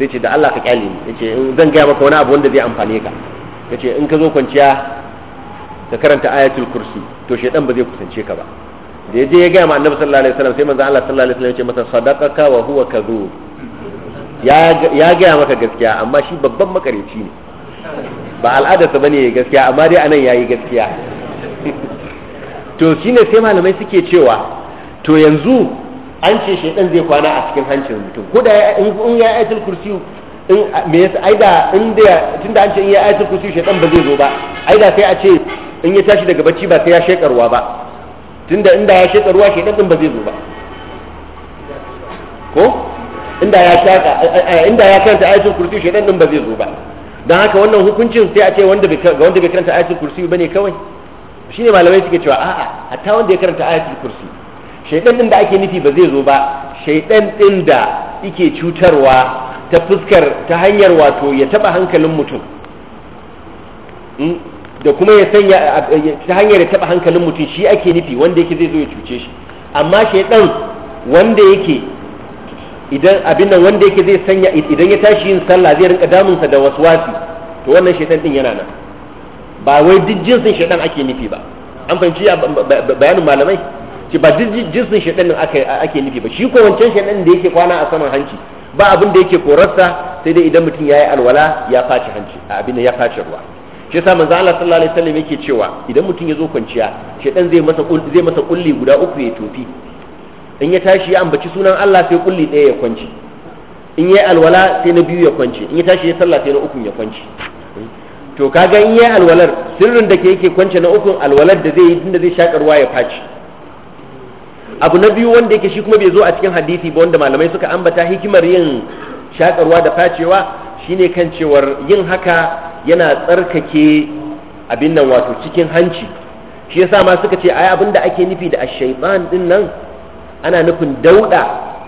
sai ce da Allah ka kyale ni ya ce zan gaya maka wani abu wanda zai amfane ka kace in ka zo kwanciya ka karanta ayatul kursi to shedan ba zai kusance ka ba da yaje ya ga ma annabi sallallahu alaihi wasallam sai manzo Allah sallallahu alaihi wasallam ya ce masa sadaqaka wa huwa kadhub ya gaya maka gaskiya amma shi babban makareci ne ba al'adarsa bane ya gaskiya amma dai anan yayi gaskiya to shine sai malamai suke cewa to yanzu an ce shaidan zai kwana a cikin hancin mutum ko da in ya ayatul kursi in me yasa ai da inda tunda an ce in ya ayatul kursi shaytan ba zai zo ba ai da sai a ce in ya tashi daga bacci ba sai ya shekarwa ba tunda inda ya shekarwa shaytan din ba zai zo ba ko inda ya shaka inda ya karanta ayatul kursi shaytan din ba zai zo ba dan haka wannan hukuncin sai a ce wanda bai ga wanda bai karanta ayatul kursi bane kawai shine malamai suke cewa a'a hatta wanda ya karanta ayatul kursi shaytan din da ake nufi ba zai zo ba shaytan din da yake cutarwa ta fuskar ta hanyar wato ya taba hankalin mutum hmm? da kuma ya sanya ta hanyar ya taba hankalin mutum shi ake nufi wanda yake zai zo ya cuce shi amma shaidan wanda yake idan abin nan wanda yake zai sanya idan ya tashi yin sallah zai rinka damunsa da waswasi to wannan shaitan din yana nan ba wai duk jinsin shaidan ake nufi ba an fahimci bayanin malamai ba duk jinsin shaidan ake nufi ba shi ko wancan shaidan da yake kwana a saman hanci ba abin da yake korarsa sai dai idan mutum ya yi alwala ya faci hanci a abin da ya faci ruwa shi yasa manzo Allah sallallahu alaihi wasallam yake cewa idan mutum ya zo kwanciya shedan zai masa zai masa kulli guda uku ya tofi in ya tashi ya ambaci sunan Allah sai kulli ɗaya ya kwanci in ya yi alwala sai na biyu ya kwanci in ya tashi ya sallah sai na ukun ya kwanci to kaga in ya yi alwalar sirrin da ke yake kwance na ukun alwalar da zai yi tunda zai shakarwa ya faci abu na biyu wanda yake shi kuma bai zo a cikin hadisi ba wanda malamai suka ambata hikimar yin shakarwa da facewa shine kan cewar yin haka yana tsarkake abin nan wato cikin hanci shi yasa ma suka ce ai abin da ake nufi da ashaiban din nan ana nufin dauda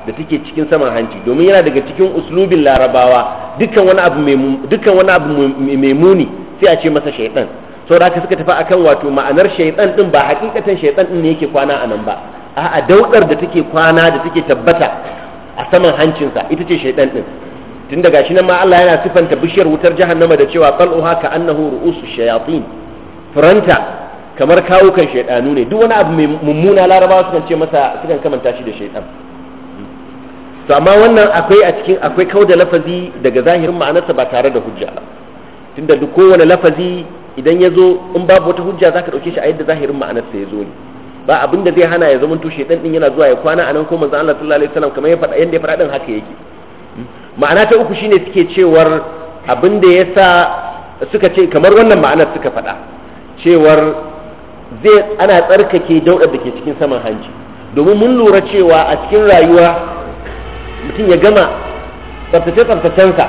da take cikin saman hanci domin yana daga cikin uslubin larabawa dukkan wani abu mai dukkan wani abu mai muni sai a ce masa shaitan saboda haka suka tafi akan wato ma'anar shaitan din ba hakikatan shaitan din ne yake kwana a nan ba a'a daudar da take kwana da take tabbata a saman hancinsa ita ce shaidan din tun daga shi nan ma Allah yana sifanta bishiyar wutar jahannama da cewa qal'uha ka annahu ru'usu shayatin furanta kamar kawukan shaidanu ne duk wani abu mai mummuna larabawa sukan ce masa sukan kamanta shi da shaidan to amma wannan akwai a cikin akwai kauda lafazi daga zahirin ma'anarsa ba tare da hujja ba tunda duk kowane lafazi idan ya zo in babu wata hujja zaka dauke shi a yadda zahirin ma'anarsa ya zo ne ba abin da zai hana ya zama to shaitan din yana zuwa ya kwana anan ko manzo Allah sallallahu alaihi wasallam kamar ya faɗa yanda ya faɗa din haka yake ma'ana ta uku shine suke cewar abin da yasa suka ce kamar wannan ma'ana suka faɗa cewar zai ana tsarkake daudar da ke cikin saman hanji domin mun lura cewa a cikin rayuwa mutum ya gama tsabtace-tsabtace sa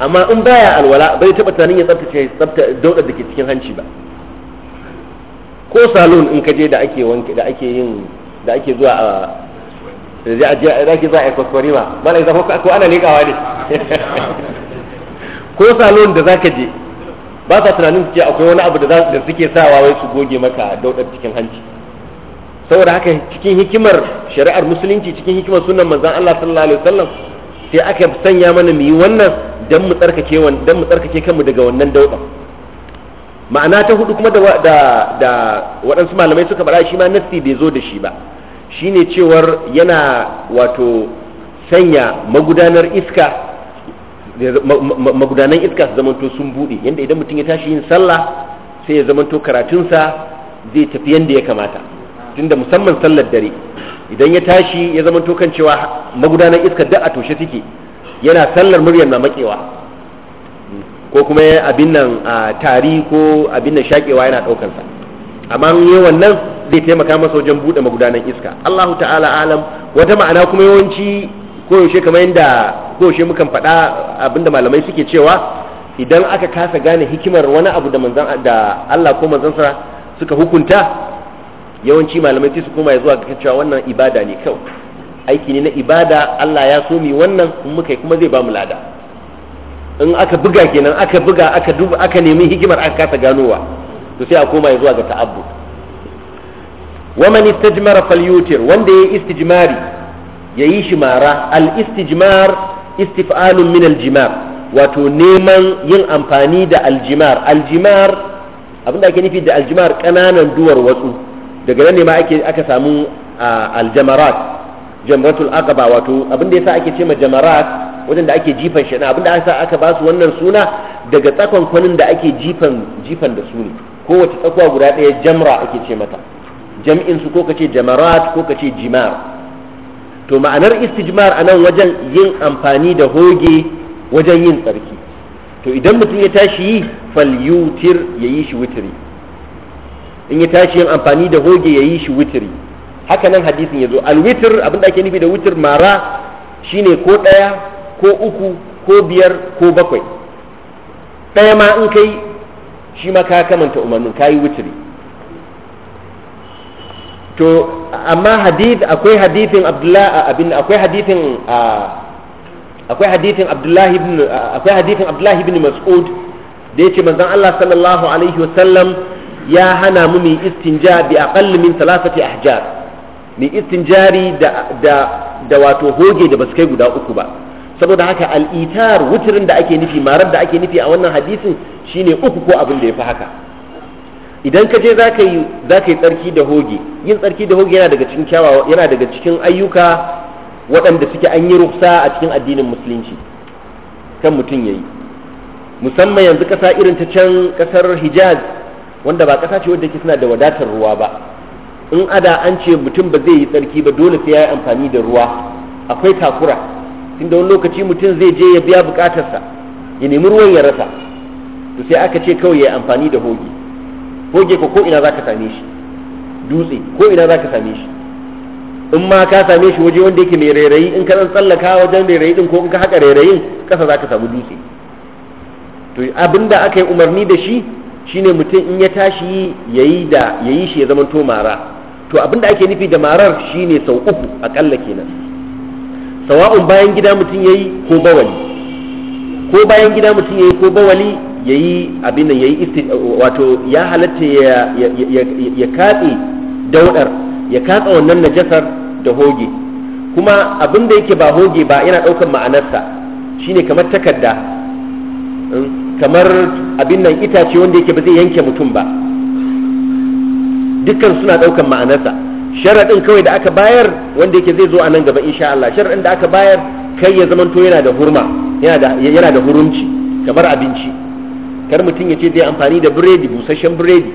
amma in baya alwala bai taɓa tunanin ya tsabtace daudar da ke cikin hanci ba ko salon in ka je da ake wanke da ake yin da ake zuwa a da a da ake a kwaskwari ma mana isa ko ana lekawa ne ko salon da zaka je ba sa tunanin suke akwai wani abu da suke sawa wai su goge maka daudar cikin hanci saboda haka cikin hikimar shari'ar musulunci cikin hikimar sunan manzon Allah sallallahu alaihi wasallam sai aka sanya mana mu yi wannan dan mu tsarkake dan mu tsarkake kanmu daga wannan daudar ma'ana ta hudu kuma da da waɗansu malamai suka faɗa shi ma nasti bai zo da shi ba shi ne cewar yana wato sanya magudanar iska magudanan iska su zamanto sun buɗe yadda idan mutum ya tashi yin sallah sai ya zamanto karatunsa zai tafi yadda ya kamata tunda musamman sallar dare idan ya tashi ya zamanto kan cewa magudanar iska da a toshe suke yana sallar muryar na makewa ko kuma abin nan tari ko abin nan shakewa yana ɗaukansa amma yi wannan zai taimaka masa wajen buɗe magudanan iska allah ta'ala alam wata ma'ana kuma yawanci yaushe kamar yadda yaushe mukan faɗa abinda malamai suke cewa idan aka kasa gane hikimar wani abu da manzan da Allah ko manzansa suka hukunta yawanci malamai sai su koma zuwa ga cewa wannan ibada ne kawai aiki ne na ibada Allah ya so mi wannan in kai kuma zai ba mu lada in aka buga kenan aka buga aka duba aka nemi hikimar aka kasa ganowa to sai a koma ya zuwa ga ta'abbu wa man istajmara falyutir wanda yayi istijmari yayi shi mara al istijmar istif'alun min al jimar wato neman yin amfani da aljimar aljimar abinda ake nufi da aljimar kananan duwar watsu daga nan ne ma ake aka samu aljamarat jamratul aqaba wato abin da yasa ake ce ma jamarat wajen da ake jifan shi abin da yasa aka ba su wannan suna daga tsakon kwanin da ake jifan jifan da su ne kowace tsakuwa guda ɗaya jamra ake ce mata jam'in su ko kace jamarat ko kace jimar to ma'anar istijmar anan wajen yin amfani da hoge wajen yin tsarki to idan mutum ya tashi yi falyutir yayi shi witiri in ya tashi yin amfani da hoge ya yi shi witiri haka nan hadisin ya zo alwitir abin da ake nufi da witir mara shine ko ɗaya ko uku ko biyar ko bakwai ɗaya ma in kai shi ma ka kamanta umarnin ka yi witiri to amma hadis akwai hadithin abdullahi abin akwai hadithin akwai hadithin abdullahi ibn akwai hadisin abdullahi ibn mas'ud da yace manzon Allah sallallahu alaihi wasallam ya hana mu mu istinja bi aqall min thalathati ahjar mai istinjari da da da wato hoge da basu kai guda uku ba saboda haka al'itar wuturin da ake nufi marar da ake nufi a wannan hadisin shine uku ko abin da ya fi haka idan ka je za ka yi tsarki da hoge yin tsarki da hoge yana daga cikin kyawawa yana daga cikin ayyuka waɗanda suke an yi ruksa a cikin addinin musulunci kan mutum ya yi musamman yanzu ƙasa irin ta can ƙasar hijaz wanda ba ƙasa ce wadda ke suna da wadatar ruwa ba in ada an ce mutum ba zai yi tsarki ba dole sai ya yi amfani da ruwa akwai takura tunda wani lokaci mutum zai je ya biya bukatarsa ya nemi ruwan ya rasa to sai aka ce kawai ya yi amfani da hoge hoge ko ina za ka same shi dutse ko ina za ka same shi in ma ka same shi waje wanda yake mai rairayi in ka tsallaka wajen rairayi din ko in ka haka rairayin kasa za ka samu dutse to abinda aka yi umarni da shi shine mutum in ya tashi yayi da yayi shi ya zama to mara to abin da ake nufi da marar shine sau uku akalla kenan sawa'un bayan gida mutum yayi ko bawali ko bayan gida mutum yayi ko bawali yayi abin nan yayi wato ya halatta ya katse daudar ya katsa wannan najasar da hoge kuma abin da yake ba hoge ba yana ɗaukar ma'anarsa shine kamar takarda hmm, kamar abin nan itace wanda yake ba zai yanke mutum ba dukkan suna daukan ma'anarsa sharaɗin kawai da aka bayar wanda yake zai zo a nan gaba insha Allah sharaɗin da aka bayar kai ya zamanto yana da hurma yana da hurumci kamar abinci kar mutum ya ce zai amfani da biredi busasshen biredi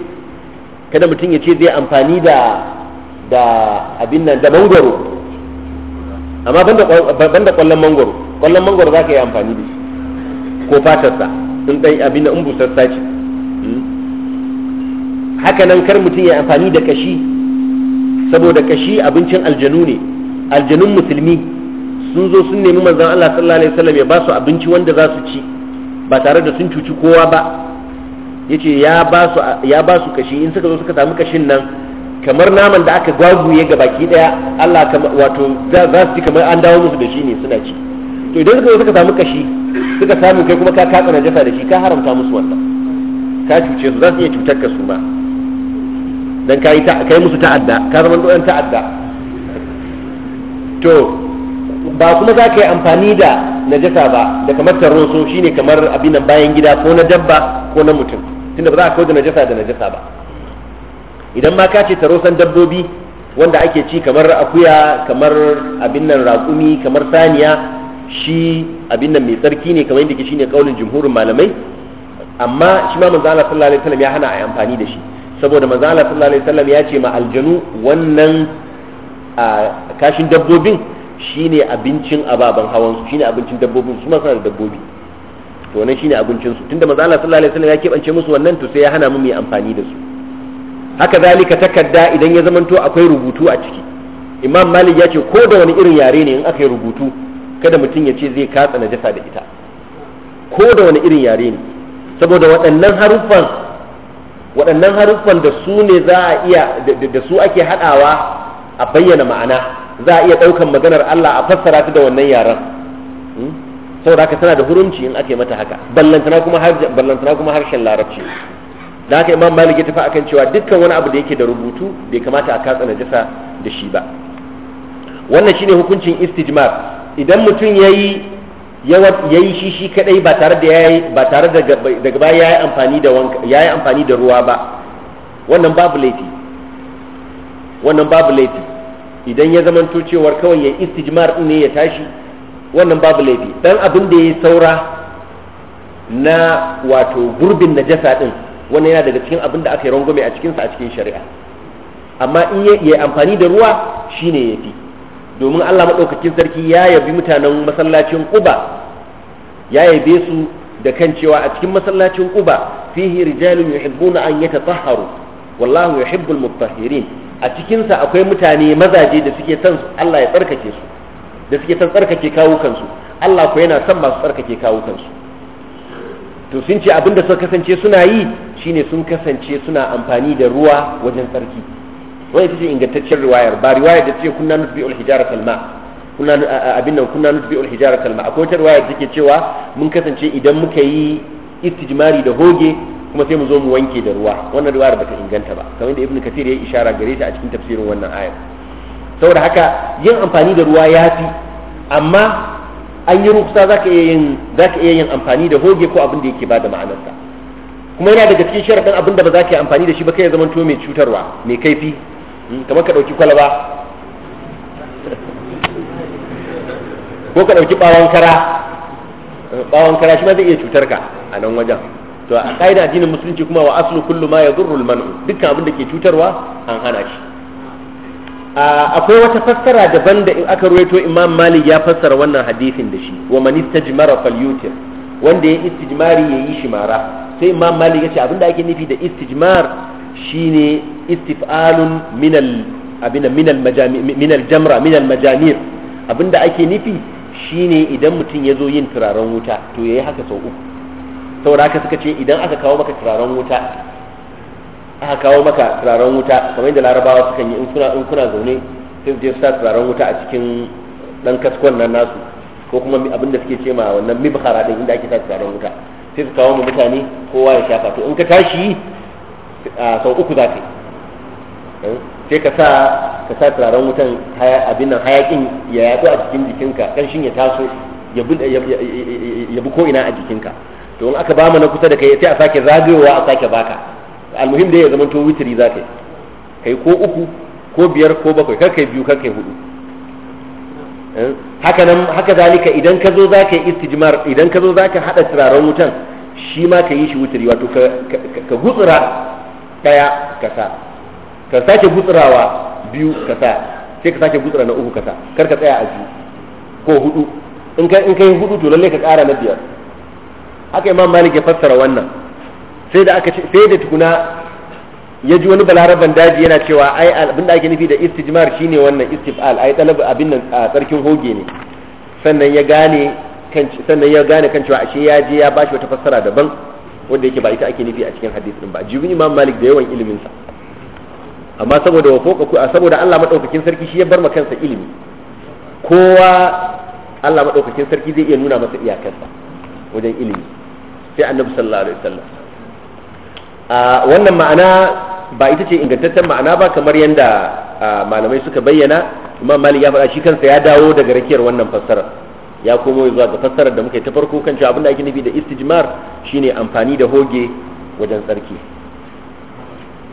kada mutum ya ce zai amfani da da abin nan da mangoro amma banda kwallon mangoro kwallon mangoro za ka yi amfani da shi ko fatarsa in ɗan abin da in busassa ce hmm? haka nan kar mutum ya amfani da kashi saboda kashi abincin aljanu ne aljanun musulmi sun zo sun nemi manzon Allah sallallahu alaihi wasallam ya ba su abinci wanda za su ci ba tare da sun cuci kowa ba yace ya ba su ya ba su kashi in suka zo suka samu kashin nan kamar naman da aka gwaguye ga baki daya Allah wato za su ci kamar an dawo musu da shi ne suna ci to idan suka zo suka samu kashi suka samu kai kuma ka katsa najasa da shi ka haramta musu wannan ka cuce su za su iya cutar ka su ba. dan ka kai musu ta'adda ka zama ɗan ta'adda to ba kuma za ka yi amfani da najasa ba da kamar so shine kamar abin bayan gida ko na dabba ko na mutum tunda ba za ka kawo da najasa da najasa ba idan ma ka ce san dabbobi wanda ake ci kamar akuya kamar abin nan raƙumi kamar saniya shi abin nan mai tsarki ne kamar yadda ke shine kaulin jumhurin malamai amma shi ma manzo Allah sallallahu alaihi wasallam ya hana a amfani da shi saboda manzo Allah sallallahu alaihi wasallam ya ce ma aljanu wannan kashin dabbobin shine abincin ababan hawan su shine abincin dabbobin su ma suna da dabbobi to wannan shine abincin su tunda manzo Allah sallallahu alaihi wasallam ya kebance musu wannan to sai ya hana mu mu amfani da su haka zalika takarda idan ya zamanto akwai rubutu a ciki imam malik ya ce ko da wani irin yare ne in aka yi rubutu kada mutum ya ce zai katsa najasa da ita ko da wani irin yare ne saboda waɗannan haruffan waɗannan haruffan da su ne za a iya da su ake haɗawa a bayyana ma'ana za a iya ɗaukan maganar Allah a fassara ta da wannan yaren. Hmm? saboda haka tana da hurunci in ake mata haka ballantana kuma ballantana kuma harshen larabci da haka imam malik ya tafi akan cewa dukkan wani abu da yake da rubutu bai kamata a katsa najasa da shi ba wannan shine hukuncin istijmar idan mutum yayi ya yi shi shi kadai ba tare da yayi ba tare da daga baya yayi amfani da wanka yayi amfani da ruwa ba wannan babu laifi wannan babu laifi idan ya zamanto cewar kawai ya istijmar din ne ya tashi wannan babu laifi dan abin da yayi saura na wato gurbin najasa din wannan yana daga cikin abin da aka yi rangume a cikinsa a cikin shari'a amma in yayi amfani da ruwa shine yafi domin Allah maɗaukakin sarki ya yabi mutanen masallacin Quba ya yabe su da kan cewa a cikin masallacin Quba fihi rijalun yuhibbuna an yatatahharu wallahu yuhibbul mutahhirin a cikinsa akwai mutane mazaje da suke son Allah ya tsarkake su da suke son tsarkake kawo kansu Allah ko yana son masu tsarkake kawo kansu to sun ce abinda suka kasance suna yi shine sun kasance suna amfani da ruwa wajen tsarki wani ita ce ingantaccen riwayar ba riwayar da ce kunna ul hijarat ma kunna abin nan kunna ul hijarat ma akwai wata riwayar da take cewa mun kasance idan muka yi istijmari da hoge kuma sai mu zo mu wanke da ruwa wannan riwayar bata inganta ba kamar da ibnu kathir ya yi ishara gare ta a cikin tafsirin wannan ayar saboda haka yin amfani da ruwa ya fi amma an yi ruksa zaka iya yin zaka iya yin amfani da hoge ko abin da yake bada ma'anarsa kuma yana daga cikin sharaɗin abin da ba za ka yi amfani da shi ba kai ya zama to mai cutarwa mai kaifi Hmm, kamar ka ɗauki kwalaba ko ka ɗauki ɓawon kara ɓawon kara shi ma zai iya cutar ka a nan wajen to a ƙa'ida addinin musulunci kuma wa aslu kullu ma yadurru al-man'u dukkan abin da ke cutarwa an hana shi akwai wata fassara daban da in aka ruwaito imam malik ya fassara wannan hadisin da shi wa man istajmara falyutir wanda ya istijmari ya yi shi mara sai imam malik ya ce abinda ake nufi da istijmar shine istif'alun minal abin minal majami minal jamra minal majamir abinda ake nufi shine idan mutum ya zo yin turaren wuta to yayi haka sau uku saboda haka suka ce idan aka kawo maka turaren wuta aka kawo maka turaren wuta kamar yadda larabawa suka yi in kuna in kuna zaune sai su je su sa turaren wuta a cikin dan kaskon nan nasu ko kuma abinda suke ce ma wannan mibhara din inda ake sa turaren wuta sai su kawo mu mutane kowa ya shafa to in ka tashi sau uku za ka yi sai ka sa ka sa turaren wutan abin nan hayakin ya yaɗu a cikin jikinka kanshin ya taso ya bi ko ina a jikinka to in aka bamu na kusa da kai sai a sake zagayowa a sake baka almuhim dai ya zama to witri zakai ka kai ko uku ko biyar ko bakwai kar kai biyu kar kai hudu eh? haka nan haka zalika idan ka zo za istijmar idan ka zo za hada haɗa turaren wutan shi ma ka yi shi wuturi wato ka gutsura daya ka sa ka sake gutsurawa biyu ka sa sai ka sake gutsura na uku ka sa kar ka tsaya a biyu ko hudu in ka in kai hudu to lalle ka kara na biyar haka imam malik ya fassara wannan sai da aka sai da tukuna ya ji wani balaraban daji yana cewa ai abin da ake nufi da istijmar shine wannan istifal ai talab abin nan a tsarkin hoge ne sannan ya gane kan sannan ya gane kan cewa ashe ya je ya bashi wata fassara daban wanda yake ba ita ake nufi a cikin hadisi din ba jibin imam malik da yawan ilimin sa amma saboda wa foka saboda Allah madaukakin sarki shi ya bar ma kansa ilimi kowa Allah madaukakin sarki zai iya nuna masa iyakarsa wajen ilimi sai annabi sallallahu alaihi wasallam a wannan ma'ana ba ita ce ingantaccen ma'ana ba kamar yadda malamai suka bayyana imam malik ya faɗa shi kansa ya dawo daga rakiyar wannan fassarar ya komo zuwa ga fassarar da muka yi ta farko kan cewa abin da ake nufi da istijmar shine amfani da hoge wajen tsarki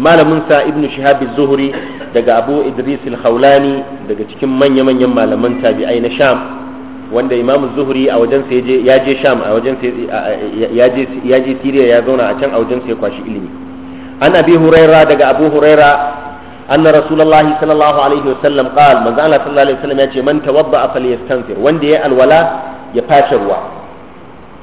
malamin sa ibn shihab az-zuhri daga abu idris al-khawlani daga cikin manya-manyan malaman tabi'ai na sham wanda imam zuhri a wajen sa yaje ya je sham a wajen sa yaje yaje siriya ya zauna a can a wajen sa ya kwashi ilimi an abi huraira daga abu huraira anna rasulullahi sallallahu alaihi wasallam qala manzo Allah sallallahu alaihi wasallam yace man tawadda falyastanfir wanda ya alwala ya fashe ruwa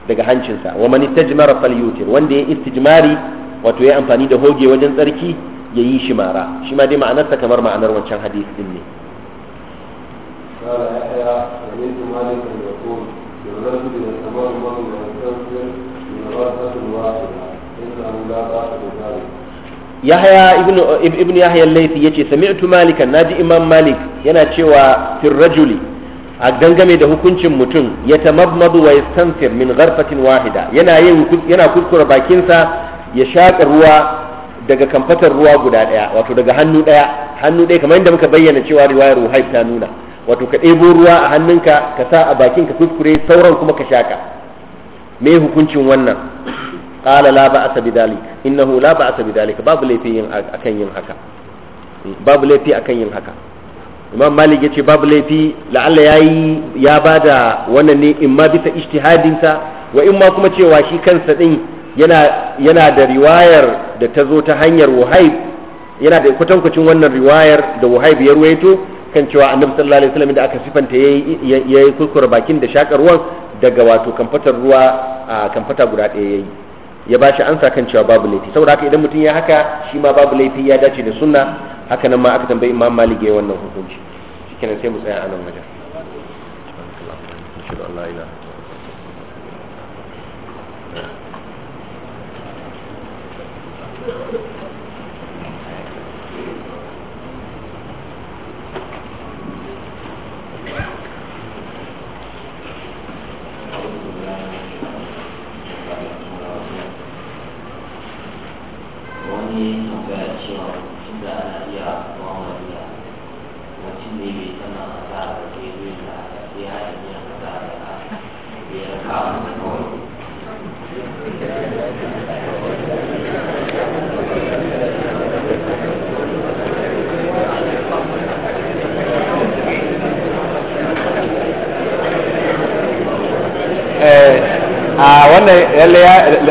daga hancinsa wa man istajmara falyutir wanda ya istijmari wato ya amfani da hoge wajen tsarki ya yi shi mara shi ma dai ma'anarsa kamar ma'anar wancan hadis din ne yahya ibn ibn yahya ya ce yace sami'tu malikan naji imam malik yana cewa fir rajuli a dangame da hukuncin mutum ya ta wa yastanfir min gharfatin wahida yana kuskura bakinsa ya shaƙa ruwa daga kamfatar ruwa guda ɗaya wato daga hannu ɗaya hannu ɗaya kamar yadda muka bayyana cewa riwayar ruhaif ta nuna wato ka ɗebo ruwa a hannunka ka sa a bakin ka kuskure sauran kuma ka shaƙa me hukuncin wannan qala la asabi dalik innahu la asabi dalik babu laifi yin akan yin haka babu laifi akan yin haka imam malik yace babu laifi la'alla yayi ya bada wannan ne imma bisa ijtihadinsa wa imma kuma cewa shi kansa din yana da riwayar da ta zo ta hanyar wahaib yana da kwatankwacin wannan riwayar da wahaib ya ruwaito kan cewa annabi sallallahu alaihi wasallam da aka sifanta yayi kuskure bakin da shakar ruwan daga wato kamfatar ruwa a kamfata guda ɗaya yayi ya ba shi ansa kan cewa babu laifi saboda haka idan mutum ya haka shi ma babu laifi ya dace da sunna haka nan ma aka tambayi imam malik yayi wannan hukunci shikenan sai mu tsaya a nan wajen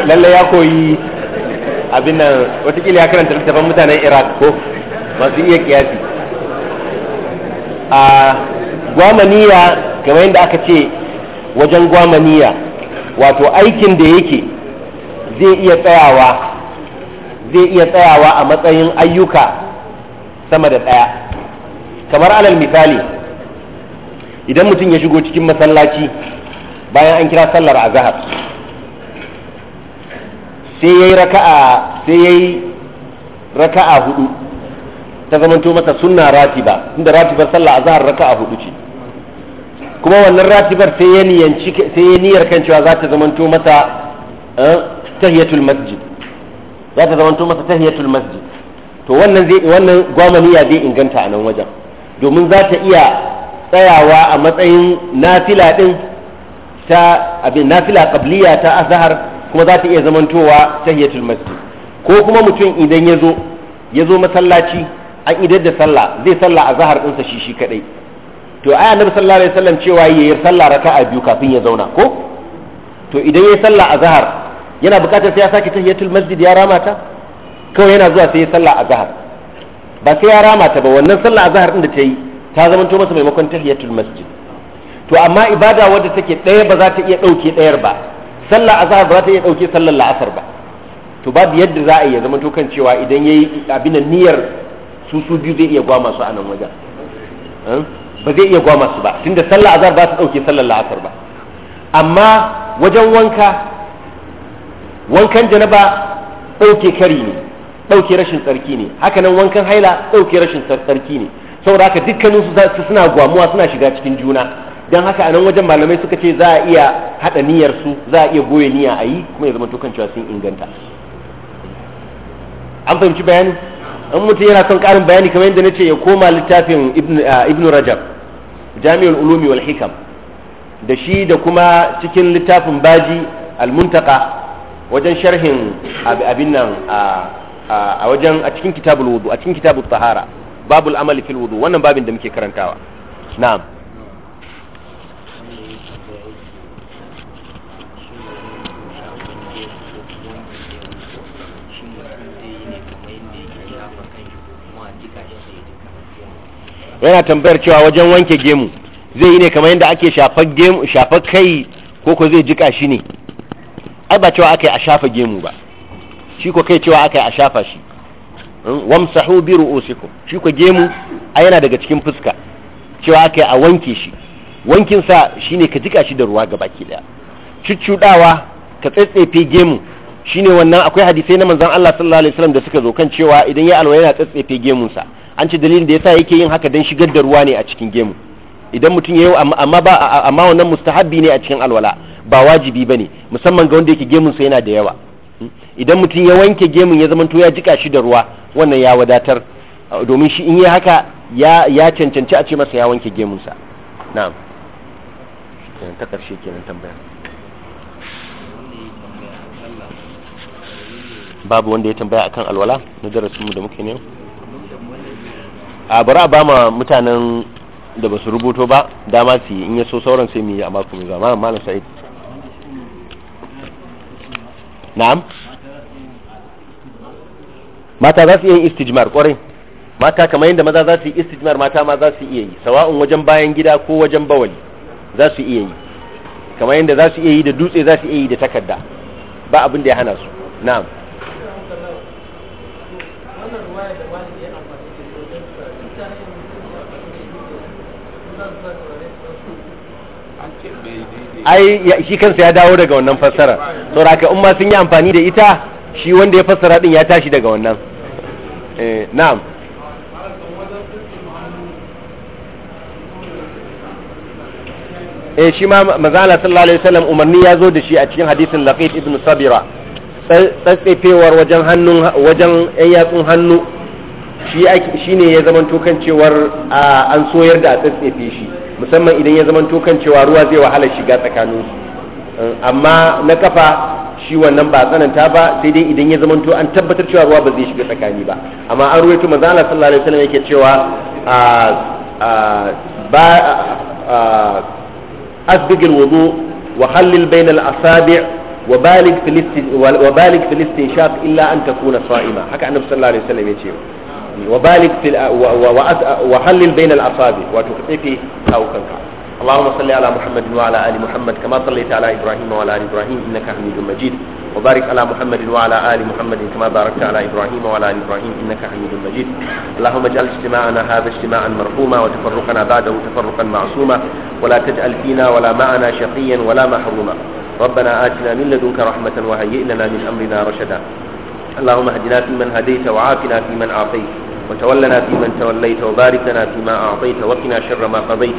lalle ya koyi abin nan watakila ya karanta littafin mutanen iraq ko masu iya kiyasi a gwamaniya kamar yadda aka ce wajen gwamaniya wato aikin da yake zai iya tsayawa zai iya tsayawa a matsayin ayyuka sama da ɗaya kamar alal misali idan mutum ya shigo cikin masallaci bayan an kira sallar azahar sai yayi raka'a sai yayi raka'a hudu ta zamanto masa sunna ratiba inda ratibar sallah azhar raka'a hudu ce kuma wannan ratibar sai ya niyanci sai ya niyar kan cewa za ta zamanto masa eh, tahiyatul masjid za ta zamanto masa tahiyatul masjid to wannan zai wannan gwamaniya zai inganta a nan wajen domin za ta iya tsayawa a matsayin nafila din ta abin nafila qabliya ta azhar kuma za ta iya zamantowa tahiyatul masjid ko kuma mutum idan ya zo ya zo masallaci an idar da sallah zai sallah a zahar ɗinsa shi shi kaɗai to ai annabi sallallahu alaihi wasallam cewa ya yi sallah raka'a biyu kafin ya zauna ko to idan ya yi sallah a zahar yana buƙatar sai ya sake tahiyatul masjid ya rama ta kawai yana zuwa sai ya sallah a zahar ba sai ya rama ta ba wannan sallah a zahar ɗin da ta yi ta zamanto masa maimakon tahiyatul masjid to amma ibada wadda take ɗaya ba za ta iya ɗauke ɗayar ba sallar azhar ba za ta iya ɗauke sallar la'asar ba to babu yadda za a yi ya zama to kan cewa idan ya yi abin niyyar su su biyu zai iya gwama su a nan wajen ba zai iya gwama su ba tunda sallar azhar ba ta ɗauke sallar la'asar ba amma wajen wanka wankan janaba ɗauke kari ne ɗauke rashin tsarki ne haka nan wankan haila ɗauke rashin tsarki ne saboda haka dukkanin su suna gwamuwa suna shiga cikin juna don haka a nan wajen malamai suka ce za a iya haɗa niyyar za a iya goye niyya a yi kuma ya zama tukan cewa sun inganta an fahimci bayani an mutum yana son ƙarin bayani kamar yadda na ce ya koma littafin ibnu ah, rajab jami'ul ulumi wal hikam da shi da kuma cikin littafin baji almuntaka wajen sharhin abin nan a wajen a cikin kitabul wudu a cikin kitabul tahara babul amali fil wudu wannan babin da muke karantawa na'am yana tambayar cewa wajen wanke gemu zai yi ne kamar yadda ake shafa gemu kai ko ko zai jika shi ne ai ba cewa aka yi a shafa gemu ba shi ko kai cewa aka yi a shafa shi hmm? wamsahu bi ru'usikum shi ko gemu ai yana daga cikin fuska cewa aka yi a wanke shi wankin sa shine ka jika shi da ruwa gabaki daya cuccudawa ka tsetsefe gemu shine wannan akwai hadisai na manzon Allah sallallahu alaihi wasallam da suka zo kan cewa idan ya alwala yana tsatsefe gemun sa an ce dalilin da yasa yake yin haka dan shigar da ruwa ne a cikin gemu idan mutum yayi amma ba amma wannan mustahabbi ne a cikin alwala ba wajibi bane musamman ga wanda yake gemun sa yana da yawa idan mutum ya wanke gemun ya zama to ya jika shi da ruwa wannan ya wadatar domin shi in yi haka ya ya cancanci a ce masa ya wanke gemun sa na'am ta karshe kenan tambayar babu wanda ya tambaya akan alwala na darasin mu da muke ne a bari a bama mutanen da ba su rubuto ba dama su yi in ya so sauran sai mu yi a mako mai zama malam sa'id na'am mata za su iya yin istijmar kwarai mata kamar yadda maza za su yi istijmar mata ma za su iya yi sawa'un wajen bayan gida ko wajen bawali za su iya yi kamar yadda za su iya yi da dutse za su iya yi da takarda ba abin da ya hana su na'am ai shi kansa ya dawo daga wannan fassara sauraka in umma sun yi amfani da ita shi wanda ya fassara din ya tashi daga wannan eh, na'am eh shi ma mazala sallallahu alaihi wasallam umarni ya zo da shi a cikin hadisin laqit ibn sabira tsatsefewar wajen hannun wajen yan yatsun hannu shi ne ya zama tokancewar ah, an soyar da a tsatsefe shi musamman idan ya zamanto kan cewa ruwa zai wahala shiga tsakaninsu eh, amma na kafa shi wannan ba tsananta ba sai dai idan ya zamanto an tabbatar cewa ruwa ba zai shiga tsakani ba amma an ruwaito manzo Allah sallallahu alaihi wasallam yake cewa ba asbig alwudu wa khallil bain al-asabi' wa balig fi wa balig fi illa an takuna sa'ima haka annabi sallallahu alaihi wasallam ya ce وبالغ في وحلل بين الاصابع او كنك اللهم صل على محمد وعلى ال محمد كما صليت على ابراهيم وعلى ال ابراهيم انك حميد مجيد وبارك على محمد وعلى ال محمد كما باركت على ابراهيم وعلى ال ابراهيم انك حميد مجيد اللهم اجعل اجتماعنا هذا اجتماعا مرحوما وتفرقنا بعده تفرقا معصوما ولا تجعل فينا ولا معنا شقيا ولا محروما ربنا آتنا من لدنك رحمة وهيئ لنا من أمرنا رشدا اللهم اهدنا فيمن هديت وعافنا فيمن عافيت وتولنا فيمن توليت وبارك لنا فيما أعطيت وقنا شر ما قضيت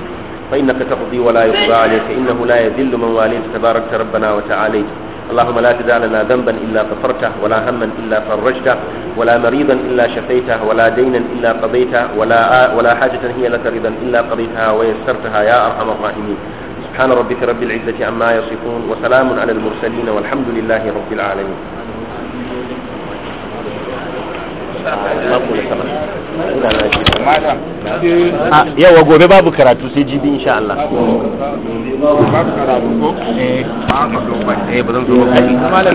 فإنك تقضي ولا يقضى عليك إنه لا يذل من واليت تباركت ربنا وتعاليت اللهم لا تدع لنا ذنبا إلا غفرته ولا هما إلا فرجته ولا مريضا إلا شفيته ولا دينا إلا قضيته ولا ولا حاجة هي لك رضا إلا قضيتها ويسرتها يا أرحم الراحمين سبحان ربك رب العزة عما يصفون وسلام على المرسلين والحمد لله رب العالمين Ah, yawa gobe babu karatu sai jibi insha Allah karatu